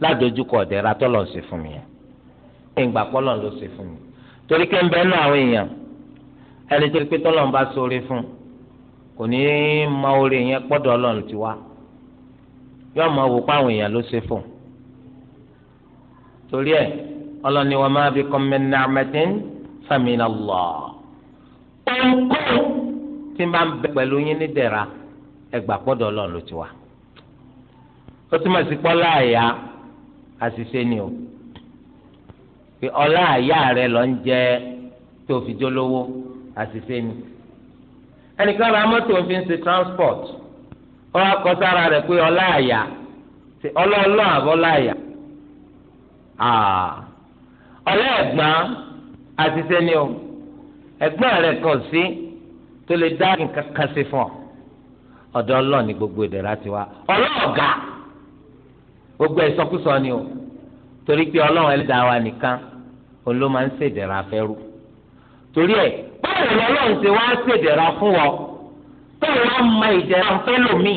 ládojúkọ ọ̀dẹ́ra tọ́lọ̀ ṣe fún mi yẹn ìgbà pọ́lọ́run ló ṣe fún mi torí pé ń bẹ nú àwọn èèyàn ẹni torí pé tọ́lọ́run bá sóore fún kò ní mọ oore yẹn pọ́dọ̀ ọlọ́run ti wá yóò mọ wò pé àwọn èèyàn ló ṣe fún torí ẹ ọlọ́ni wa ma bikum min famin Allah ohunkóhun tí n bá ń bẹ pẹ̀lú yín ní dẹ̀ra ẹgbà pọ́dọ̀ ọlọ́run ló ti wá ó túmọ̀ àṣìṣe ni o pé ọlá àyà rẹ lọ ń jẹ tó fi jólówó àṣìṣe ni ẹnìkan ra mọ́tò fi ń ṣe transport ọlọ́ akọ sára rẹ̀ pé ọlá àyà ọlọ́ọ̀lọ́ àbọ́lá àyà ọlá ẹ̀gbọ́n. àtisẹ́ ni o ẹ̀gbọ́n rẹ̀ kàn sí tó lè dá nǹkan kan sí fún ọ ọ̀dọ̀ Ọlọ́run ni gbogbo ìdẹ̀ra ti wá ọlọ́ọ̀gá gbogbo ìsọkúsọ ni o torí pé Ọlọ́run ẹlẹ́dàá wa nìkan òun ló máa ń ṣèdẹ̀ra fẹ́rù torí ẹ̀ báwo ni Ọlọ́run ti wá ṣèdẹ̀ra fún ọ báwo wá ma ìdẹ̀ra fẹ́ lómi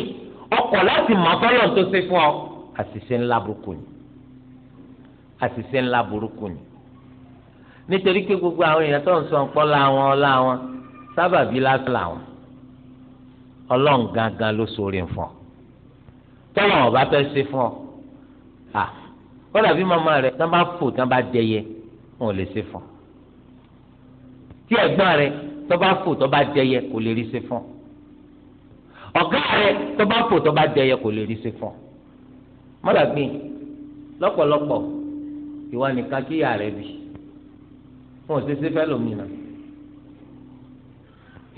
ọkọ̀ láti mọ bọ́lọ̀ tó ṣe fún ọ àṣìṣe ńlá burúkú ni àṣìṣe ńlá burúkú ni nítorí pé gbogbo àwọn èèyàn tó ń sọ ńpọ́ láwọn ọlá wọn sábàbí lásán làwọn ọlọ́run gangan ló sóore fún ọ tọ́lọ̀ wọn bá fẹ́ ṣe fún ọ à ó dàbí màmá rẹ tán bá fò tán bá jẹyẹ wọn ò lè ṣe fún ọ tí ẹ̀gbọ́n rẹ tó bá fò tó bá jẹyẹ kò lè rí ṣe fún ọ ọ̀gá rẹ tó bá fò tó bá jẹyẹ kò lè rí ṣe fún ọ mọ́dàgbìn lọ́pọ̀lọpọ̀ ìwà nìkan kíyà rẹ bíi wọn ò ṣeéṣe fẹ́ lómìnà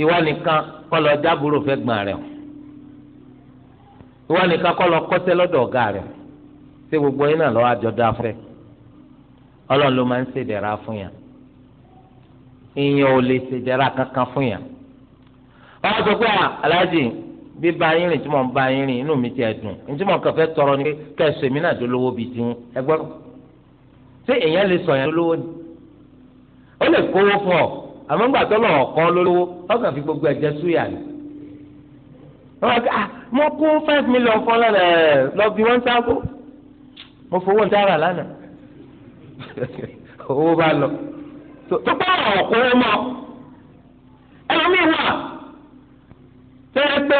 ìwà nìkan kọ́ lọ jábúrò fẹ́ gbọ́n rẹ̀ ìwà nìkan kọ́ lọ kọ́sẹ́ lọ́dọ̀ ọ̀gá rẹ̀ ṣé gbogbo yín náà lọ́wọ́ àjọdá fẹ́ ọlọ́run ló máa ń ṣèdẹ̀ra fún yàn ìyẹn ò lè ṣèdẹ̀ra kankan fún yàn wọ́n sọ pé aláàjì bí ba yín rìn tí mo ń ba yín rìn inú mi ti ẹ̀ dùn ní tí mo kàn fẹ́ tọrọ ni kẹ́sọ̀ èmi náà dolówó bíi tiwọn ẹgbẹ́ ṣé èèyàn lè sọ yẹn dolówó ni ó lè kówó fún ọ àmọ́ ńgbà tó lọ́wọ́ kọ́ lólówó ọkàn fi gbogbo ẹ̀jẹ̀ súyà ni. wọ́n ti ah, mo kó five million fún lọ́nà ẹ̀ lọ bí wọ́n ń sáko mo fowó ń dára lánàá owó bá lọ tó bá ọ̀rọ̀ kó o mọ̀ tẹ́lẹ̀ pé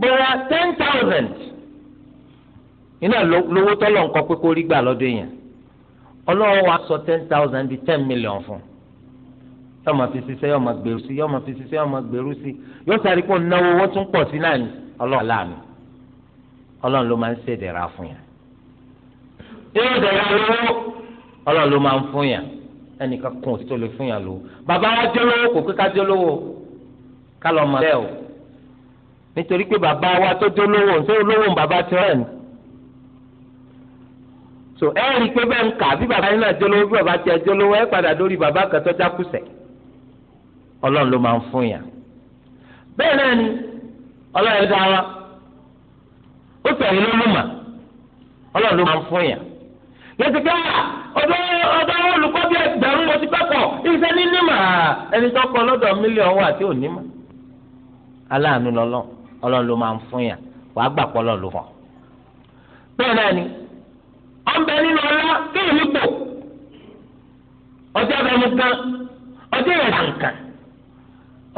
bọ́ra ten thousand iná lówó tọ́lọ̀ nǹkan pé kó rí gbà lọ́dún yẹn ọlọ́wọ́ wa sọ ten thousand di ten million fún un yóò máa fi ṣiṣẹ́ yóò máa gbèrú sí yóò máa fi ṣiṣẹ́ yóò máa gbèrú sí yóò sáré pọ̀ náwó owó tún pọ̀ sí náà ni ọlọ́run láàánú ọlọ́run ló máa ń ṣèdẹ̀ra fún yàn nínú ìdẹ̀ra lówó ọlọ́run ló máa ń fún yàn ẹnìkan kún òtítọ́ lè fún yàn lówó bàbá wa jẹ́ lówó kò pé ká jẹ́ lówó ká lọ́ọ́ máa bẹ́ẹ̀ o nítorí pé bàbá wa tó jẹ́ lówó ń tó lówó ń bàbá ti rẹ̀ ni so ẹ rí i pé bẹ́ẹ̀ ń kà bí bàbá yín náà jẹ́ lówó bí bàbá tiẹ̀ jẹ́ lówó ẹ padà dórí bàbá kan jákùsẹ̀ ọlọ́run ló máa ń fún yàn bẹ́ẹ̀ náà ni ọlọ́run dá wa ó tẹ̀lé lọ́lọ́mà ọlọ́run ló máa ń fún yàn ah, olùkọ́ ẹgbẹ̀rún mo ti kọ́kọ́ iṣẹ́ níní mà ẹni tó kọ́ lọ́dọ̀ mílíọ̀nù wà tí ò ní mà aláàánú lọ́lọ́ ọlọ́run ló máa ń fún yàn gbà hàn bẹ́ẹ̀ náà ni ọ̀nbẹ nínú ọlá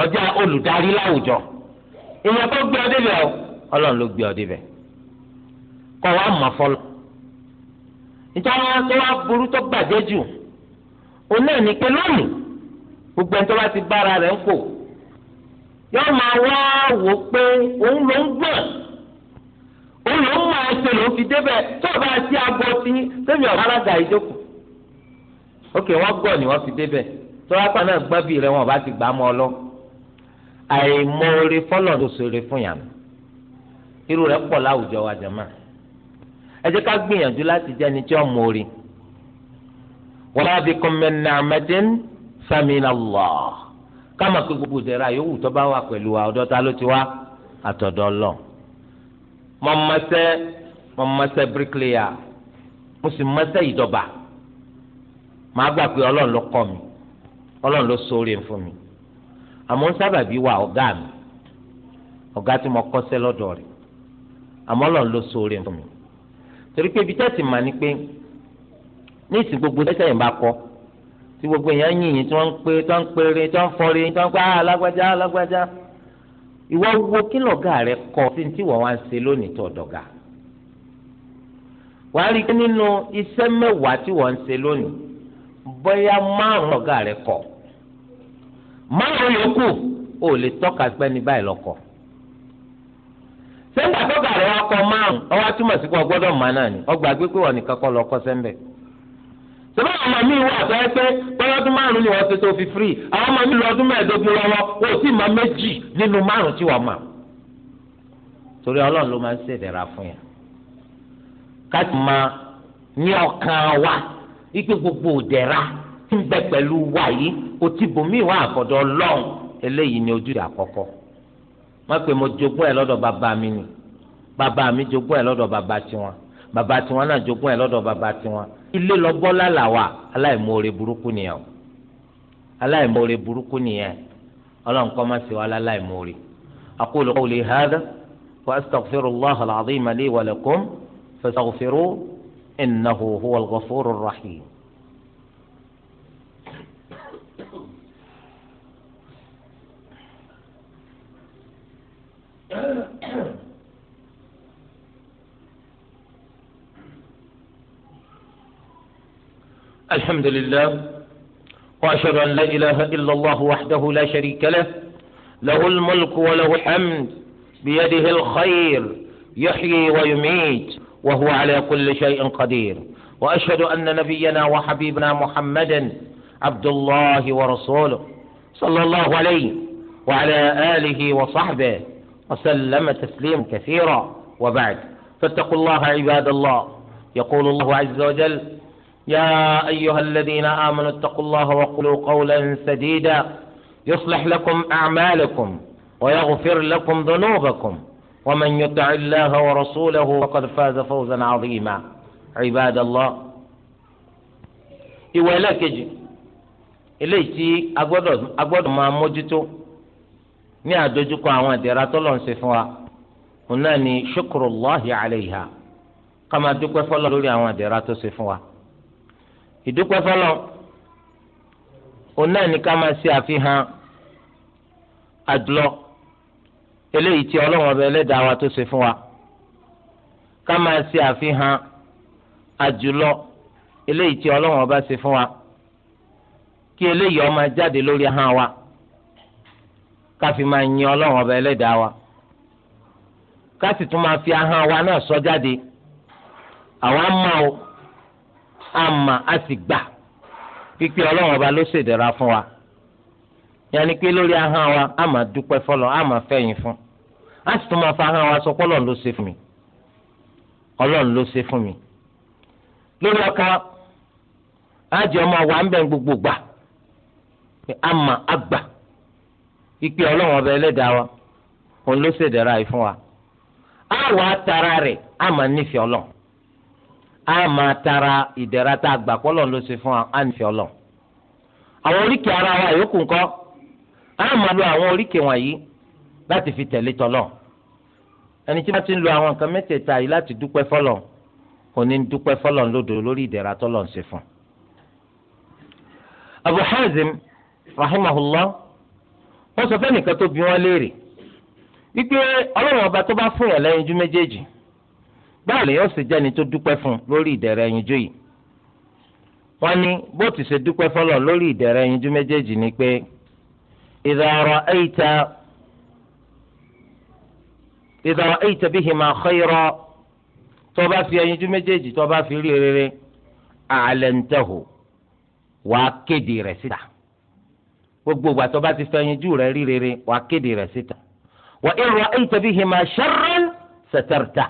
ọjà olùdarí láwùjọ èèyàn tó gbé ọ débẹ̀ o ọlọ́run ló gbé ọ débẹ̀ kọ́ wa mọ̀ fọlọ́ nítorí wọn tó wá burú tó gbàjẹ́ jù òun náà ní pé lónìí gbogbo ẹni tó bá ti bára rẹ̀ ń kò yóò máa wá wò pé òun ló ń gbọ̀n òun ló ń mọ ẹsẹ̀ ló fi débẹ̀ tó bá ti aago sí sẹ́mi ọ̀rọ̀ alága ìjókòó ókè wọ́n gbọ̀n ni wọ́n fi débẹ̀ tó wá pa náà gbọ́n bí rẹ̀ wọn bá ti gbà á mọ́ ọ lọ́wọ́. àìmọ̀ọ́rẹ́ fọlọ́n tó ṣeré fún yàrá irú rẹ̀ pọ̀ láwùjọ wa ẹ jẹ́ ká gbìyànjú láti jẹ́ ẹni tí ó mọ̀ọ́rẹ́ wala bikum min ni'matin faminallah káma pé gbogbo ìdẹ̀ra yòówù tó bá wà pẹ̀lú wa ọ̀dọ̀ ta ló ti wá àtọ̀dọ̀ lọ. mo mo bíríkìlìyà màá gbà pé ọlọ́run ló kọ́ mi ọlọ́run ló mi. àmọ́ ń sábàbí wa ọ̀gá mi ọ̀gá tí mo kọ́ṣẹ́ lọ́dọ̀ rẹ̀ àmọ́ Ọlọ́run ló ṣoore fún mi torí pé ibi tẹ́sí mà ní pé ní ìsìn gbogbo tẹ́sẹ̀ yìí bá kọ́ tí gbogbo èèyàn yìnyín tí wọ́n ń pé tí wọ́n ń péré tí wọ́n ń fọ́re tí wọ́n ń pé alágbájá ah, alágbájá ìwọ wo kí lọ́gà rẹ kọ́ sí ti wọ́n wá ń ṣe lónìí tó ọ̀dọ̀gà wà á rí i pé nínú iṣẹ́ mẹ́wàá tí wọ́n ń ṣe lónìí bóyá márùn-ún lọ́gà rẹ kọ́ márùn yòókù ò lè tọ́ka pẹ́ ní báyìí lọ́kọ. sẹ́ńtà tọ́ka rẹ̀ wá kọ márùn ọwọ́ túmọ̀ sí pé ọgbọ́dọ̀ mọ̀ náà ni ọgbà gbé pé nìkan kọ́ lọ́kọ sẹ́ńbẹ̀. sọ́dọ̀ àwọn ọmọ mi wà tó ẹ pé pẹ́lọ́dún márùn fi firi àwọn ọmọ mi lọ torí ọlọ́run ló máa ń bẹ pẹ̀lú wa yìí kò tí bòmíì wà àkọ́dọ̀ ọlọ́run eléyìí ni ojúṣe àkọ́kọ́ má pé mo jogún ẹ lọ́dọ̀ bàbá mi ni bàbá mi jogún ẹ lọ́dọ̀ bàbá tiwọn bàbá tiwọn náà jogún ẹ lọ́dọ̀ bàbá tiwọn ilé lọ́gbọ́ lálàwà aláìmoore burúkú nìyẹn o aláìmoore burúkú nìyẹn ọlọ́run kọ́ má sí wa láláìmoore. أقول قولي هذا وأستغفر الله العظيم لي ولكم الحمد لله وأشهد أن لا إله إلا الله وحده لا شريك له له الملك وله الحمد بيده الخير يحيي ويميت وهو على كل شيء قدير وأشهد أن نبينا وحبيبنا محمدا عبد الله ورسوله صلى الله عليه وعلى آله وصحبه وسلم تسليما كثيرا وبعد فاتقوا الله عباد الله يقول الله عز وجل يا أيها الذين آمنوا اتقوا الله وقولوا قولا سديدا يصلح لكم أعمالكم ويغفر لكم ذنوبكم ومن يطع الله ورسوله فقد فاز فوزا عظيما عباد الله إيوه لك إليتي أقوى ما موجته ní àdójúkọ àwọn ìdẹ̀ra tó lọ́n ṣe fún wa òun náà ni shukrullahi alayha ká máa dúpẹ́ fọlọ́ lórí àwọn ìdẹ̀ra tó ṣe fún wa ìdúpẹ́ fọlọ́ òun náà ni ká máa ṣe àfihàn eléyìí ọba ẹlẹ́dàá wa tó ṣe fún wa ká máa ṣe àfihàn àjùlọ eléyìí tí ọlọ́wọ́n ọba ṣe fún wa kí eléyìí jáde lórí wa. ká fi máa yin ọlọ́run ọba ẹlẹ́dàá wa ká sì tún máa fi ahọ́n wa náà sọ jáde àwa mọ̀ o a mọ̀ a sì gbà pípé ọlọ́run ọba ló ṣèdẹ̀ra fún wa yẹnni pé lórí ahọ́n wa a máa dúpẹ́ fọlọ́ a máa fẹ̀yìn fún a sì tún máa fa ahọ́n wa sọ pé ọlọ́run ló ṣe fún mi ọlọ́run ló ṣe fún mi lórí ọkàn a jẹ́ ọmọ wa ń bẹ̀ gbogbo gbà a mọ̀ a ìpè ọlọ́run ọba ẹlẹ́dàá wa òun ló ṣèdẹ̀ra yìí fún wa a wà á tara rẹ̀ a máa nífẹ̀ẹ́ ọlọ́run a máa tara ìdẹ̀ra tá a gbà ló ṣe fún wa á nífẹ̀ẹ́ àwọn ara wa yòókù ńkọ́ a máa lo àwọn oríkèé wọ̀nyí láti fi tẹ̀lé tọ́lọ̀ ẹni tí wọ́n ti ń lo àwọn nǹkan mẹ́tẹ̀ẹ̀ta yìí láti dúpẹ́ òní dúpẹ́ fún Abu wọ́n sọ fẹ́ nìkan tó bí wọ́n léèrè wípé ọlọ́run ọba tó bá fún yàn lẹ́yinjú méjèèjì báwo lè yóò ṣe jẹ́ni tó dúpẹ́ fún lórí ìdẹ̀rẹ̀ ẹyinjú yìí wọ́n ní bó ti ṣe dúpẹ́ fọlọ́ lórí ìdẹ̀rẹ̀ ẹyinjú méjèèjì ni pé ìdàrọ̀ ẹ̀yìtà ìdàrọ̀ ẹ̀yìtà bihima khayra tó bá fi ẹyinjú méjèèjì tó bá fi rí rere àlẹ́ ń wàá kéde rẹ̀ síta. Si gbogbo ìgbà tó bá ti fẹ̀yìn jù rẹ̀ rí rere wà á kéde rẹ̀ síta wà ìrọ̀ ẹ̀ńtẹ̀bí hìmà sharran sẹ̀tẹ̀rẹ̀tà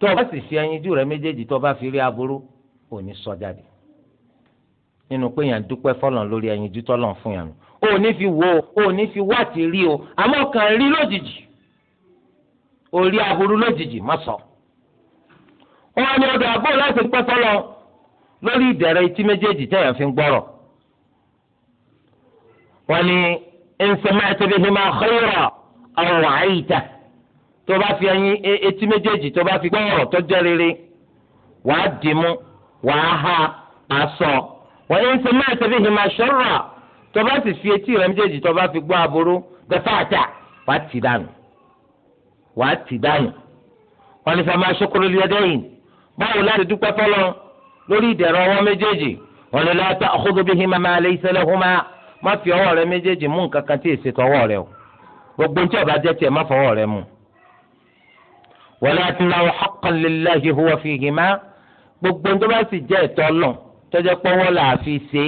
tó o bá sì fi ẹyin jù rẹ̀ méjèèjì tó o bá fi rí aburú ò ní sọ jáde nínú pé yàn dúpẹ́ fọlọ́n lórí ẹyin tọ́lọ́n fún yàn ò ní fi wo ò ní fi wá ti rí o àmọ́ kàn rí lójijì ò rí aburú lójijì má sọ. wọn ní ọdọ àgbò láti pẹ́ fọlọ́n lórí ìdẹ̀rẹ̀ etí méjèèjì tẹ̀yàn fi ń gbọ́rọ̀ wọ́n ní nsẹ́mẹ́tẹ́ bíi mímọ́ xeyọ̀rọ̀ ọ̀rọ̀ àyíta tó bá fi ẹyin e, etí méjèèjì tó bá fi gbọ́ ọ̀rọ̀ tó jẹ́ rere wàá dìímú wàá ha àsọ wọ́n ní nsẹ́mẹ́tẹ́ bíi mímọ́ ṣọ́rọ̀ tó bá sì fi etí rẹ méjèèjì tó bá fi gbọ́ aburú gbẹ́fàtà wàá tì dànù wàá tì dànù wọ́n ní fama ṣokoro lẹ́dẹ́yìn báwo láti dúpẹ́ fọlọ́ lórí ìdẹ̀rọ̀ wọn méjèèjì wọ́n láti àkókò bíi mímọ́ máa lé ìṣẹ̀lẹ̀ fún má fi ọwọ́ rẹ méjèèjì mú nǹkan kan tí èsì tọwọ́ rẹ o gbogbo tí ọba jẹ́ tiẹ̀ má fọwọ́ rẹ mú. wala tulaw haqqan lillahi huwa fihima gbogbo tó bá sì jẹ́ ẹ̀tọ́ lọ́n tọ́jọ́ pọ́wọ́ là á fi ṣe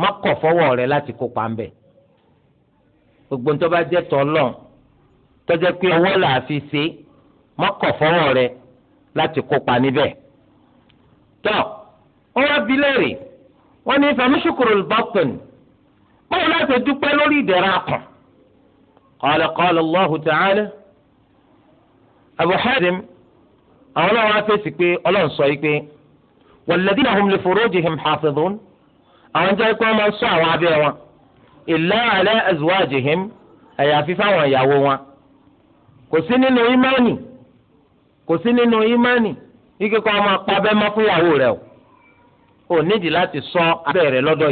má kọ̀ fọwọ́ rẹ láti kópa ń bẹ̀. gbogbo tó bá jẹ́ ẹ̀tọ́ lọ́n tọ́jọ́ pé ọwọ́ là ṣe má kọ̀ fọwọ́ rẹ láti kópa níbẹ̀. tọ́ ọ wá bilẹ̀ rè wọ́n ní fàmíṣùkúrò bọ́pẹ̀nì báwo la ṣe dúpẹ́ lórí ìdẹ̀ra kan qala qala Allahu ta'ala Abu Hatim àwọn náà wá fèsì pé ọlọ́run sọ yìí pé hafidhun àwọn jẹ́ pé wọ́n máa ń àwọn abẹ́ wọn illa ala azwajihim àyàfi fáwọn ìyàwó wọn kò sí nínú ìmánì kò sí nínú ìmánì ike kọ́ ọmọ apá abẹ́ o ò nídìí láti abẹ́ rẹ lọ́dọ̀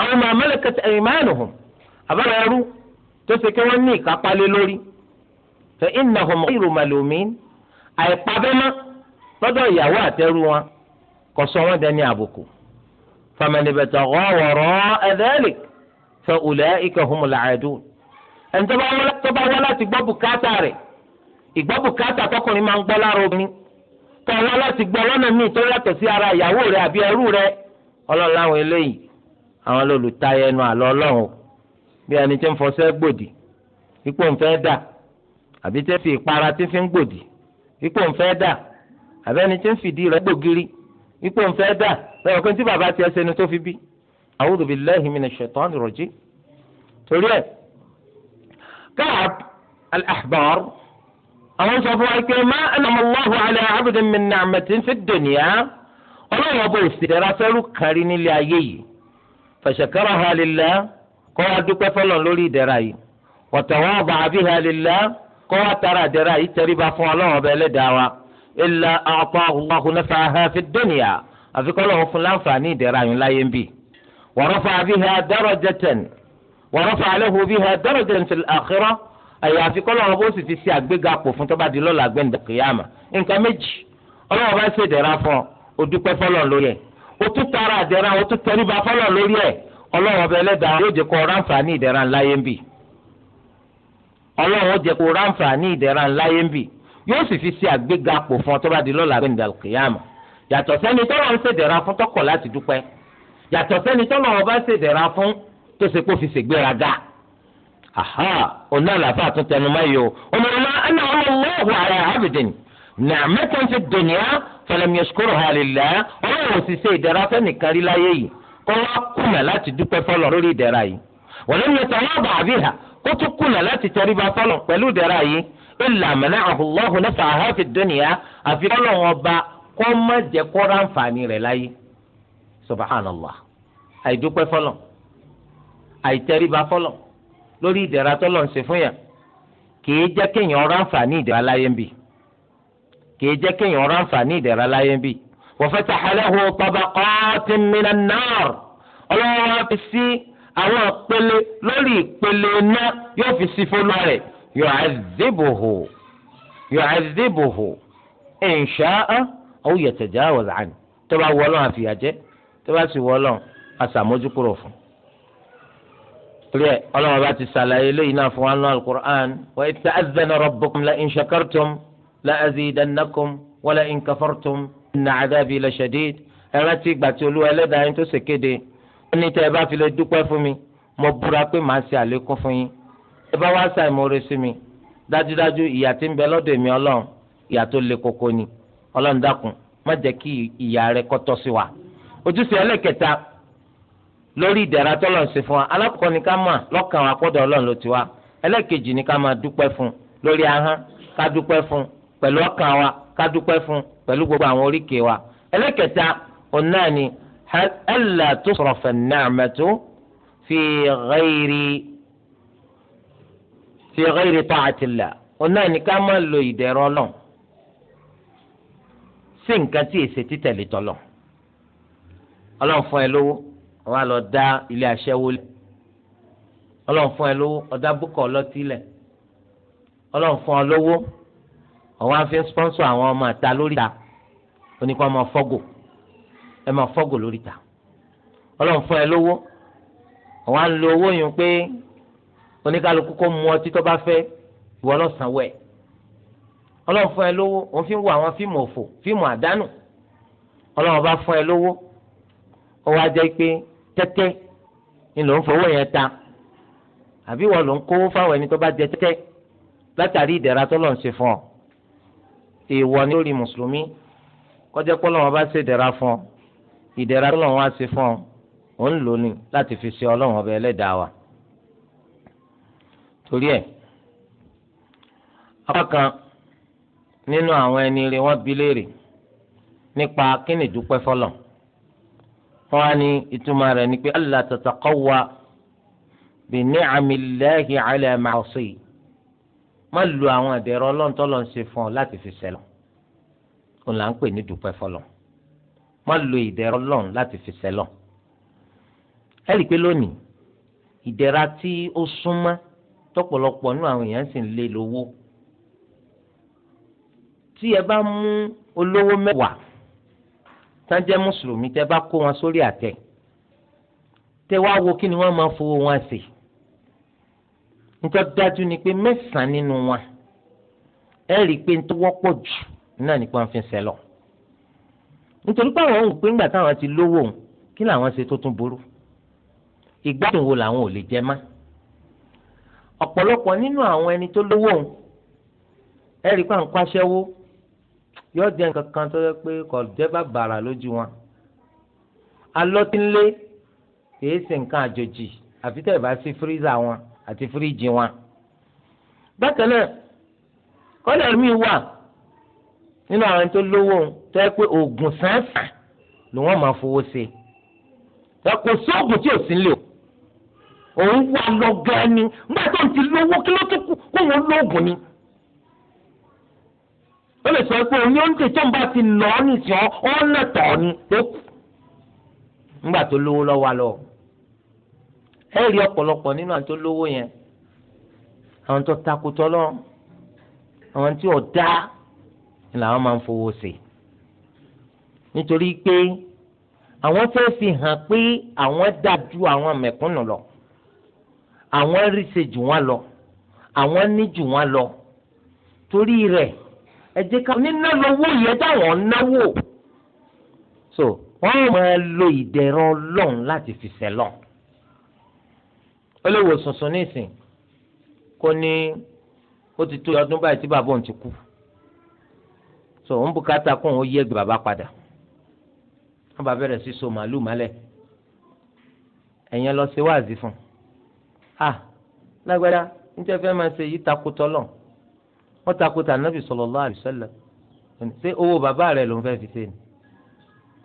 àwọn ma malakat aymanuhum àbára ẹrú tó ṣe kí wọ́n ní ìkápálẹ́ lórí fa innahum ghayru malumin àìpabẹ́mọ́ lọ́dọ̀ ìyàwó àtẹrú wọn kò sọ wọ́n dẹni àbùkù faman ibtagha wara'a dhalik fa ulaika humul aadun ẹni tó bá wá láti gbọ́ bùkátà rẹ̀ ìgbọ́ bùkátà tọkùnrin máa ń gbọ́ lára obìnrin tó wá láti gbọ́ lọ́nà míì tó yàtọ̀ sí ara ìyàwó rẹ̀ àbí ẹrú rẹ̀ ọlọ́run láwọn eléyìí àwọn lolùtayọ ẹnu àlọ́ ọlọ́run bí ẹni tí ń fọṣẹ́ gbòdì ipò ń fẹ́ dà àbí tí ń fi ìpara tí fi ń gbòdì ipò ń fẹ́ dà àbí ẹni tí ń fìdí rẹ̀ gbògiri ipò ń fẹ́ dà lọ́wọ́ pé tí bàbá tiẹ̀ ṣe ni tó fi bí. A'udhu billahi minash shaitani rajim. torí ẹ̀ Ka'ab al-Ahbar àwọn sọ fún wa pé má anama Allahu ala abdin min ni'matin fid dunya ọlọ́run ọba òsì fashakaraha lillah kó wá dúpẹ́ fọlọ́n lórí ìdẹ̀ra yìí wa tawada'a biha lillah kó wá tara ìdẹ̀ra yìí tẹríba fún ọlọ́run ọba ẹlẹ́dàá wa illa a'tahu Allahu nafaha fi dunya àfikọ́ lọ́wọ́ fún láǹfààní ìdẹ̀ra yìí láyé ń bì wa rafa'a biha darajatan wa rafa'a lahu biha darajatan fil akhirah àyàfi kọ́ lọ́wọ́ bó sì fi ṣe àgbéga pò fún tọ́ba di lọ́la gbẹ̀ǹdà nǹkan méjì ọlọ́wọ́ bá ṣèdẹ̀ra fún ọ o tún tara àdẹ̀rà o tún tẹríba fọlọ́ lórí ọlọ́run ọbẹ̀ ẹlẹ́dàá yóò jẹ́ kó o ráǹfààní ìdẹ̀ra ńláyé ń bì ọlọ́run ó jẹ́ kó o yóò sì fi ṣe àgbéga pò fún ọ tó bá di lọ́la gbẹ̀ndà yàtọ̀ sẹ́ni tọ́lọ̀ ń fún ọba fún tó ṣe kó fi ṣègbéraga tẹnumọ́ o ni'matan fi dunya falam yashkurha lillah ọlọ́run ò sì ṣe ìdẹ̀ra fẹ́nìkan rí láyé yìí kó wá kùnà láti dúpẹ́ fọlọ́ lórí ìdẹ̀ra yìí walam yatawadda biha kó tún kùnà láti tẹríba fọlọ́ pẹ̀lú ìdẹ̀ra yìí illa mana'ahu Allahu naf'aha fi dunya àfi ọlọ́run ọba kó má jẹ́ kó ráǹfààní rẹ̀ láyé subhanallah àìdúpẹ́ kìí jẹ́ kéèyàn ránfààní ìdẹ̀ra láyé bí. wa fataha lahu tabaqatin minan nar ọlọ́wọ́ wa fi sí àwọn ìpele lórí ìpele iná yóò fi sí fọlọ́ rẹ̀ yu'adhibuhu yu'adhibuhu in sha'a aw yatajawaz anhu tó bá wọ́ ọlọ́run àfìyàjẹ́ tó bá sì wọ́ ọlọ́run àṣàmójúkúrò fún un torí ẹ ọlọ́run bá ti ṣàlàyé lẹ́yìn náà fún wa nínú alukur'an wa ita azana rabbukum la in shakartum لأزيدنكم ولئن كفرتم إن عذابي لشديد ẹrántí ìgbà tí olúwa ẹlẹ́dàá yín tó ṣe kéde ó ní tẹ́ ẹ bá fi lè dúpẹ́ fún mi mo búra pé màá ṣe àlékún fún yín ẹ bá wá ṣàìmoore sí mi dájúdájú ìyà tí ń bẹ lọ́dọ̀ èmi ọlọ́run ìyà tó le koko ni ọlọ́run dákun má jẹ́ kí ìyà rẹ kó sí wa. ojúṣe ẹlẹ́kẹta lórí ìdẹ̀ra tọ́lọ̀ ń ṣe fún wa alákọ̀ọ́ ni ká mọ̀ lọ́kàn wa ọlọ́run ló ti wá ẹlẹ́kejì ni ká máa dúpẹ́ fún lórí ahọ́n ká dúpẹ́ fún pẹ̀lú ọkàn wa ká dúpẹ́ fún pẹ̀lú gbogbo àwọn oríkèé wa ẹlẹ́kẹta òun náà ni alla tusrafa an-ni'matu fi ghairi fi ghairi ta'atillah òun náà ni ká má lo ìdẹ̀rọ̀ náà sí nǹkan tí èsè títẹ̀lé tọ̀lọ̀ ọlọ́run ẹ lówó wàá lọ dá ilé aṣẹ́wó lẹ̀ ọlọ́run ẹ lówó ọ̀dà búkọ̀ ọlọ́tí lẹ̀ ọlọ́run fún lówó ọwọ́ afẹ́ sponsor àwọn ọmọ àta lórí ta oníkọ́ ọmọ fọ́gò ẹ máa fọ́gò lórí ta ọlọ́run fún ẹ lówó ọwọ́ à ń lo owó yẹn pé oníkálukú kó mu ọtí tó bá fẹ́ ìwọ lọ́sàn-án wẹ̀ ọlọ́run fún ẹ lówó òun fi ń wo àwọn fíìmù òfò fíìmù àdánù ọlọ́run bá fún ẹ lówó ọwọ́ ajẹ́ pé tẹ́tẹ́ ni ló ń fowó yẹn ta àbí wọn ló ń kówó fáwọn ẹni tó bá jẹ tẹ́tẹ́ látàrí ìdẹ̀ra tó lọ́n ṣe fún ọ èèwọ̀ ni lórí mùsùlùmí kọjá pé Ọlọ́run bá ṣe ìdẹ̀ra fún ọ ìdẹ̀ra tó lọ́wọ́ á ṣe fún ọ ò ń lò ní láti fi ṣe Ọlọ́run ọba ẹlẹ́dàá wa. torí ẹ̀ apá kan nínú àwọn ẹni rẹ wọ́n bi léèrè nípa kíni dúpẹ́ fọlọ̀ wọ́n á ní ìtumọ̀ rẹ̀ ni pé Allah tatakọ́wà bi ni'amillahi ala ma'asi yìí má lu àwọn àdẹ̀rọ ọlọ́run tó lọ́n ṣe fún ọ láti fi sẹ́lọ̀ òun là ń pè ní dúpẹ́ fọlọ́ má lu ìdẹ̀rọ ọlọ́run láti fi sẹ́lọ̀ ẹ rí i pé lónìí ìdẹ̀ra tí ó súnmọ́ tọ́pọ̀lọpọ̀ nínú àwọn èèyàn sì ń lé lówó tí ẹ bá mú olówó mẹ́wàá tán jẹ́ mùsùlùmí tẹ́ bá kó wọn sórí àtẹ tẹ́ wá wo kí ni wọ́n máa fowó wọn ṣe nítorí dájú ni pé mẹ́sàn-án nínú wọn ẹ rí i pé tó wọ́pọ̀ jù náà nípa ń fi sẹ́lọ̀ nítorí pé àwọn òun pé ńgbà táwọn ti lówó òun kí làwọn ṣe tó tún burú ìgbádùn wo làwọn ò lè jẹ má ọ̀pọ̀lọpọ̀ nínú àwọn ẹni tó lówó òun ẹ rí i pé à ń kó aṣẹ́wó yóò jẹ nǹkan kan tó yẹ pé kò jẹ́ bàbàrà lójú wọn alọ́tínlé kìí ṣe nǹkan àjòjì àfi tẹ̀ sí fírísà wọn àti fíríjì wọn. bákan náà kọ́lẹ̀ mi wà nínú àwọn tó lówó tẹ́ pé oògùn sáńsà ni wọ́n máa fowó ṣe ẹ kò sóògùn tí ò sí nílé o òun wà lọ ni nígbà tó ń ti lówó kí ló tó kù kó wọn lóògùn ni ó lè sọ pé òun ni ó ń tètè ń bá ti nà ọ́ nìsín ọ́ ọ́ nà tọ̀ ọ́ ni ó kù nígbà tó lówó lọ́wọ́ lọ́wọ́ ẹ rí ọ̀pọ̀lọpọ̀ nínú àwọn tó lówó yẹn àwọn tó takùtọ̀ lọ àwọn tí ọ̀dá ni làwọn máa ń fowó sí nítorí pé àwọn fẹ́ fi hàn pé àwọn dá ju àwọn mẹ̀kúnnù lọ àwọn rí ṣe jù wọ́n lọ àwọn ní jù wọ́n lọ torí rẹ̀ ẹ ká níná lọ́wọ́ yẹn táwọn náwó so wọ́n máa lo ìdẹ̀rọ̀ ọlọ́run láti fi sẹ́lọ̀n ó lè wò sùnsùn nísìn kó ní ó ti tó ọdún báyìí tí bàbá òun ti kú so òun bùkátà kó òun yẹ gbé bàbá padà wọn bá bẹ̀rẹ̀ sí so màálùú mọ́lẹ̀ ẹ̀yin lọ ṣe wáàzì fún un ah lágbára níta fẹ́ máa ṣe yìí takotọ́ lọ wọ́n takotọ́ ànábì sallallahu alaihi wasallam ṣé owó bàbá rẹ̀ ló ń fẹ́ fi ṣe ni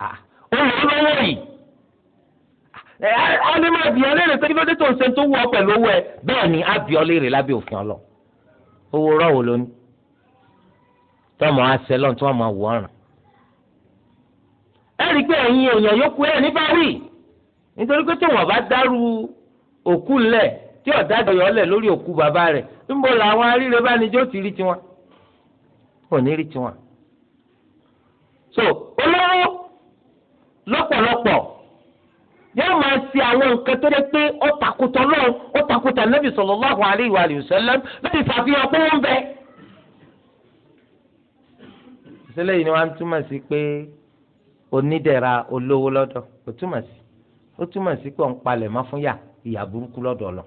ah ó lọ́wọ́ yìí ẹ á lè máa bìyàn léèrè pé kí ló dé tó ń ṣe tó wù ọ pẹ̀lú owó ẹ bẹ́ẹ̀ ni á bìyàn léèrè lábẹ́ òfin ọlọ owó rọ̀wọ̀ lónìí tọmọ àṣẹlọ tí wọn máa wọ ọràn ẹ rí i pé ẹ̀yin èèyàn yókù ẹ ní báwí nítorí pé tí wọn bá dárú òkú lẹ tí ọ̀dájọ́ yọ lẹ lórí òkú bàbá rẹ̀ níbo làwọn aríire bá ní jó ti rí tiwọn ò ní rí tiwọn so olówó lọ́pọ̀lọpọ̀ máa ṣe àwọn nǹkan tó dé pé ó takùtà náà ó takùtà nàbì sallallahu alaihi wa alihi wasallam lórí ìfàfihàn pé wọ́n bẹ. ìṣẹ̀lẹ̀ yìí ni wọ́n á túmọ̀ sí pé onídẹ̀ra olówó lọ́dọ̀ ó túmọ̀ sí ó túmọ̀ sí pé òun palẹ̀ mọ́ fún yà ìyà burúkú lọ́dọ̀ lọ.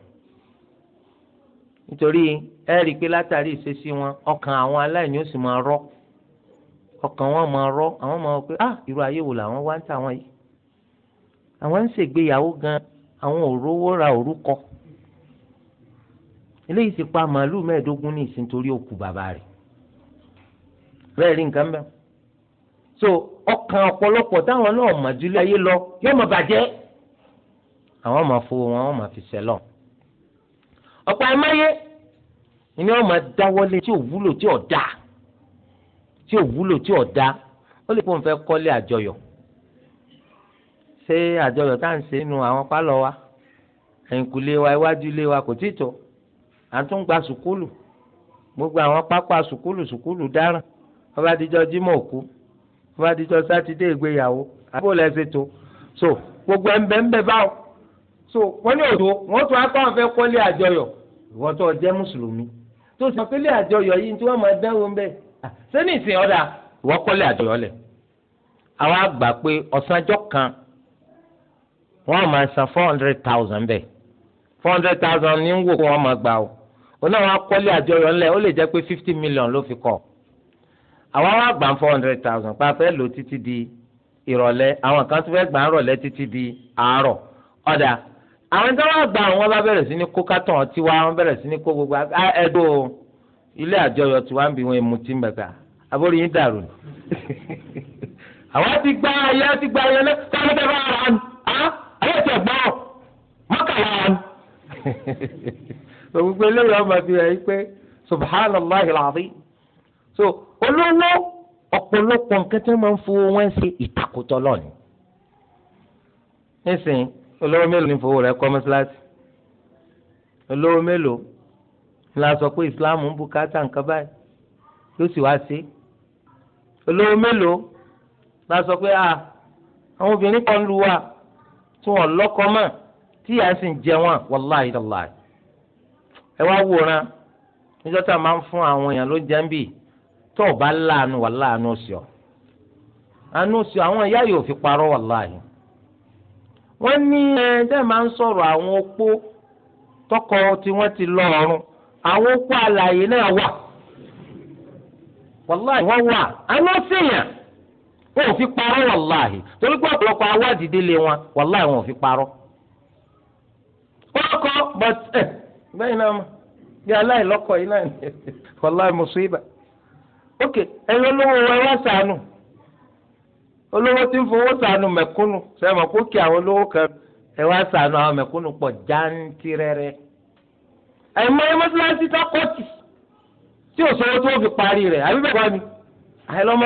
nítorí ẹ rí i pé látàrí ìṣesí wọn ọkàn àwọn aláìní sì máa rọ ọkàn wọn máa rọ àwọn máa wọ pé ah irú ayé wo làwọn wá ń tà wọn yìí àwọn ń ṣègbéyàwó gan àwọn ò rówó ra orúkọ eléyìí ti pa màálùú mẹ́ẹ̀ẹ́dógún ní ìsìn torí òkú bàbá rẹ̀ bẹ́ẹ̀ rí nǹkan bẹ́ẹ̀ so ọkàn ọ̀pọ̀lọpọ̀ táwọn náà màdúlé ayé lọ yóò máa bàjẹ́ àwọn máa fowó wọn wọn máa fi sẹ́lọ̀ ọ̀pọ̀ àìmáyé ni wọ́n máa dáwọ́lé tí ò wúlò tí ò dáa tí ò wúlò tí ò dáa ó lè fún un fẹ́ kọ́lé àjọyọ̀ ṣé àjọyọ̀ tá à ń ṣe nínú àwọn pálọ̀ wa ẹ̀yìnkùlé wa iwájú ilé wa kò tíì tó à ń tún gba sùkúlù gbogbo àwọn pápá sùkúlù sùkúlù dáràn ọba díjọ jímọ̀ òkú ọba díjọ sátidé ìgbéyàwó àbúrò lẹ́sẹ̀ tó so gbogbo ẹ̀ńbẹ̀ ńbẹ̀ báwo so wọ́n ní òdo wọ́n tún akọ́ àwọn fẹ́ kọ́lé àjọyọ̀ ìwọ́n tó jẹ́ mùsùlùmí tó sọ pé lé àjọyọ̀ yìí tí wọ́n máa dánwò ń bẹ̀ sẹ́ni ìsìn ọ̀dà ìwọ́n kọ́lé àjọyọ̀ lẹ̀ àwọn àgbà pé ọ̀sánjọ́ kan wọ́n máa san four hundred thousand bẹ́ẹ̀ four hundred thousand ní wò kó wọ́n máa gbà o òun náà wọ́n kọ́lé àjọyọ̀ ńlẹ̀ ó lè jẹ́ pé fifty million ló fi kọ́ àwọn wá gbà four hundred thousand pa fẹ́ lò títí di ìrọ̀lẹ́ àwọn kan tó fẹ́ gbà ń rọ̀lẹ́ títí di àárọ̀ ọ̀dà àwọn tó wá gbà wọn bá bẹ̀rẹ̀ sí ní kó kátàn ọtí wa wọn bẹ̀rẹ̀ sí ní kó gbogbo ẹ̀dọ́ ilé àjọyọ̀ tí wọ́n ń bí wọn èmu tí ń bẹ̀ta àbórí yín dàrú ni àwọn ti gbá ayé ti gbá ayé náà ayé tẹ gbọ́ mọ́kànlá ni. gbogbo eléyìí ọmọ fi hàn yín pé subhanallah alazim so olówó ọ̀pọ̀lọpọ̀ nǹkan tí wọ́n máa ń fowó wọn ṣe ìtakùtọ̀ lọ́nìí. nísìnyí olówó mélòó ni fowó rẹ̀ kọ́ mọ́sálásí olówó mélòó ni a sọ pé ìsìláàmù ń bùkátà nǹkan báyìí yóò sì wá sí olówó mélòó la sọ pé ah, àwọn obìnrin kan lu wa fún ọlọ́kọ mọ̀ tí a sì ń jẹ wọn wàláì dàláì ẹ wá wòran níjọ́ tá a máa ń fún àwọn èèyàn ló jẹ́ ń bì tó o bá láàánú àánú àwọn yóò fi parọ́ wàláì wọ́n ní ẹ dẹ́ máa ń sọ̀rọ̀ àwọn opó wọn ò fi parọ́ wàláhì torí pé ọ̀pọ̀lọpọ̀ awádìí délé wọn wàláhì wọn ò fi parọ́. ọkọ but ẹ eh, bẹ́ẹ̀ náà mọ̀ bí aláìlọ́kọ̀ yìí náà ni wàláhì mùsíbà. ok ẹ̀yin olówó ẹ wá sànù olówó tí ń fowó sànù kó kí àwọn olówó kan ẹ wá sànù àwọn pọ̀ jántìrẹrẹ. ẹ mọ́sálásí tí ò sọ fi parí rẹ̀ àbí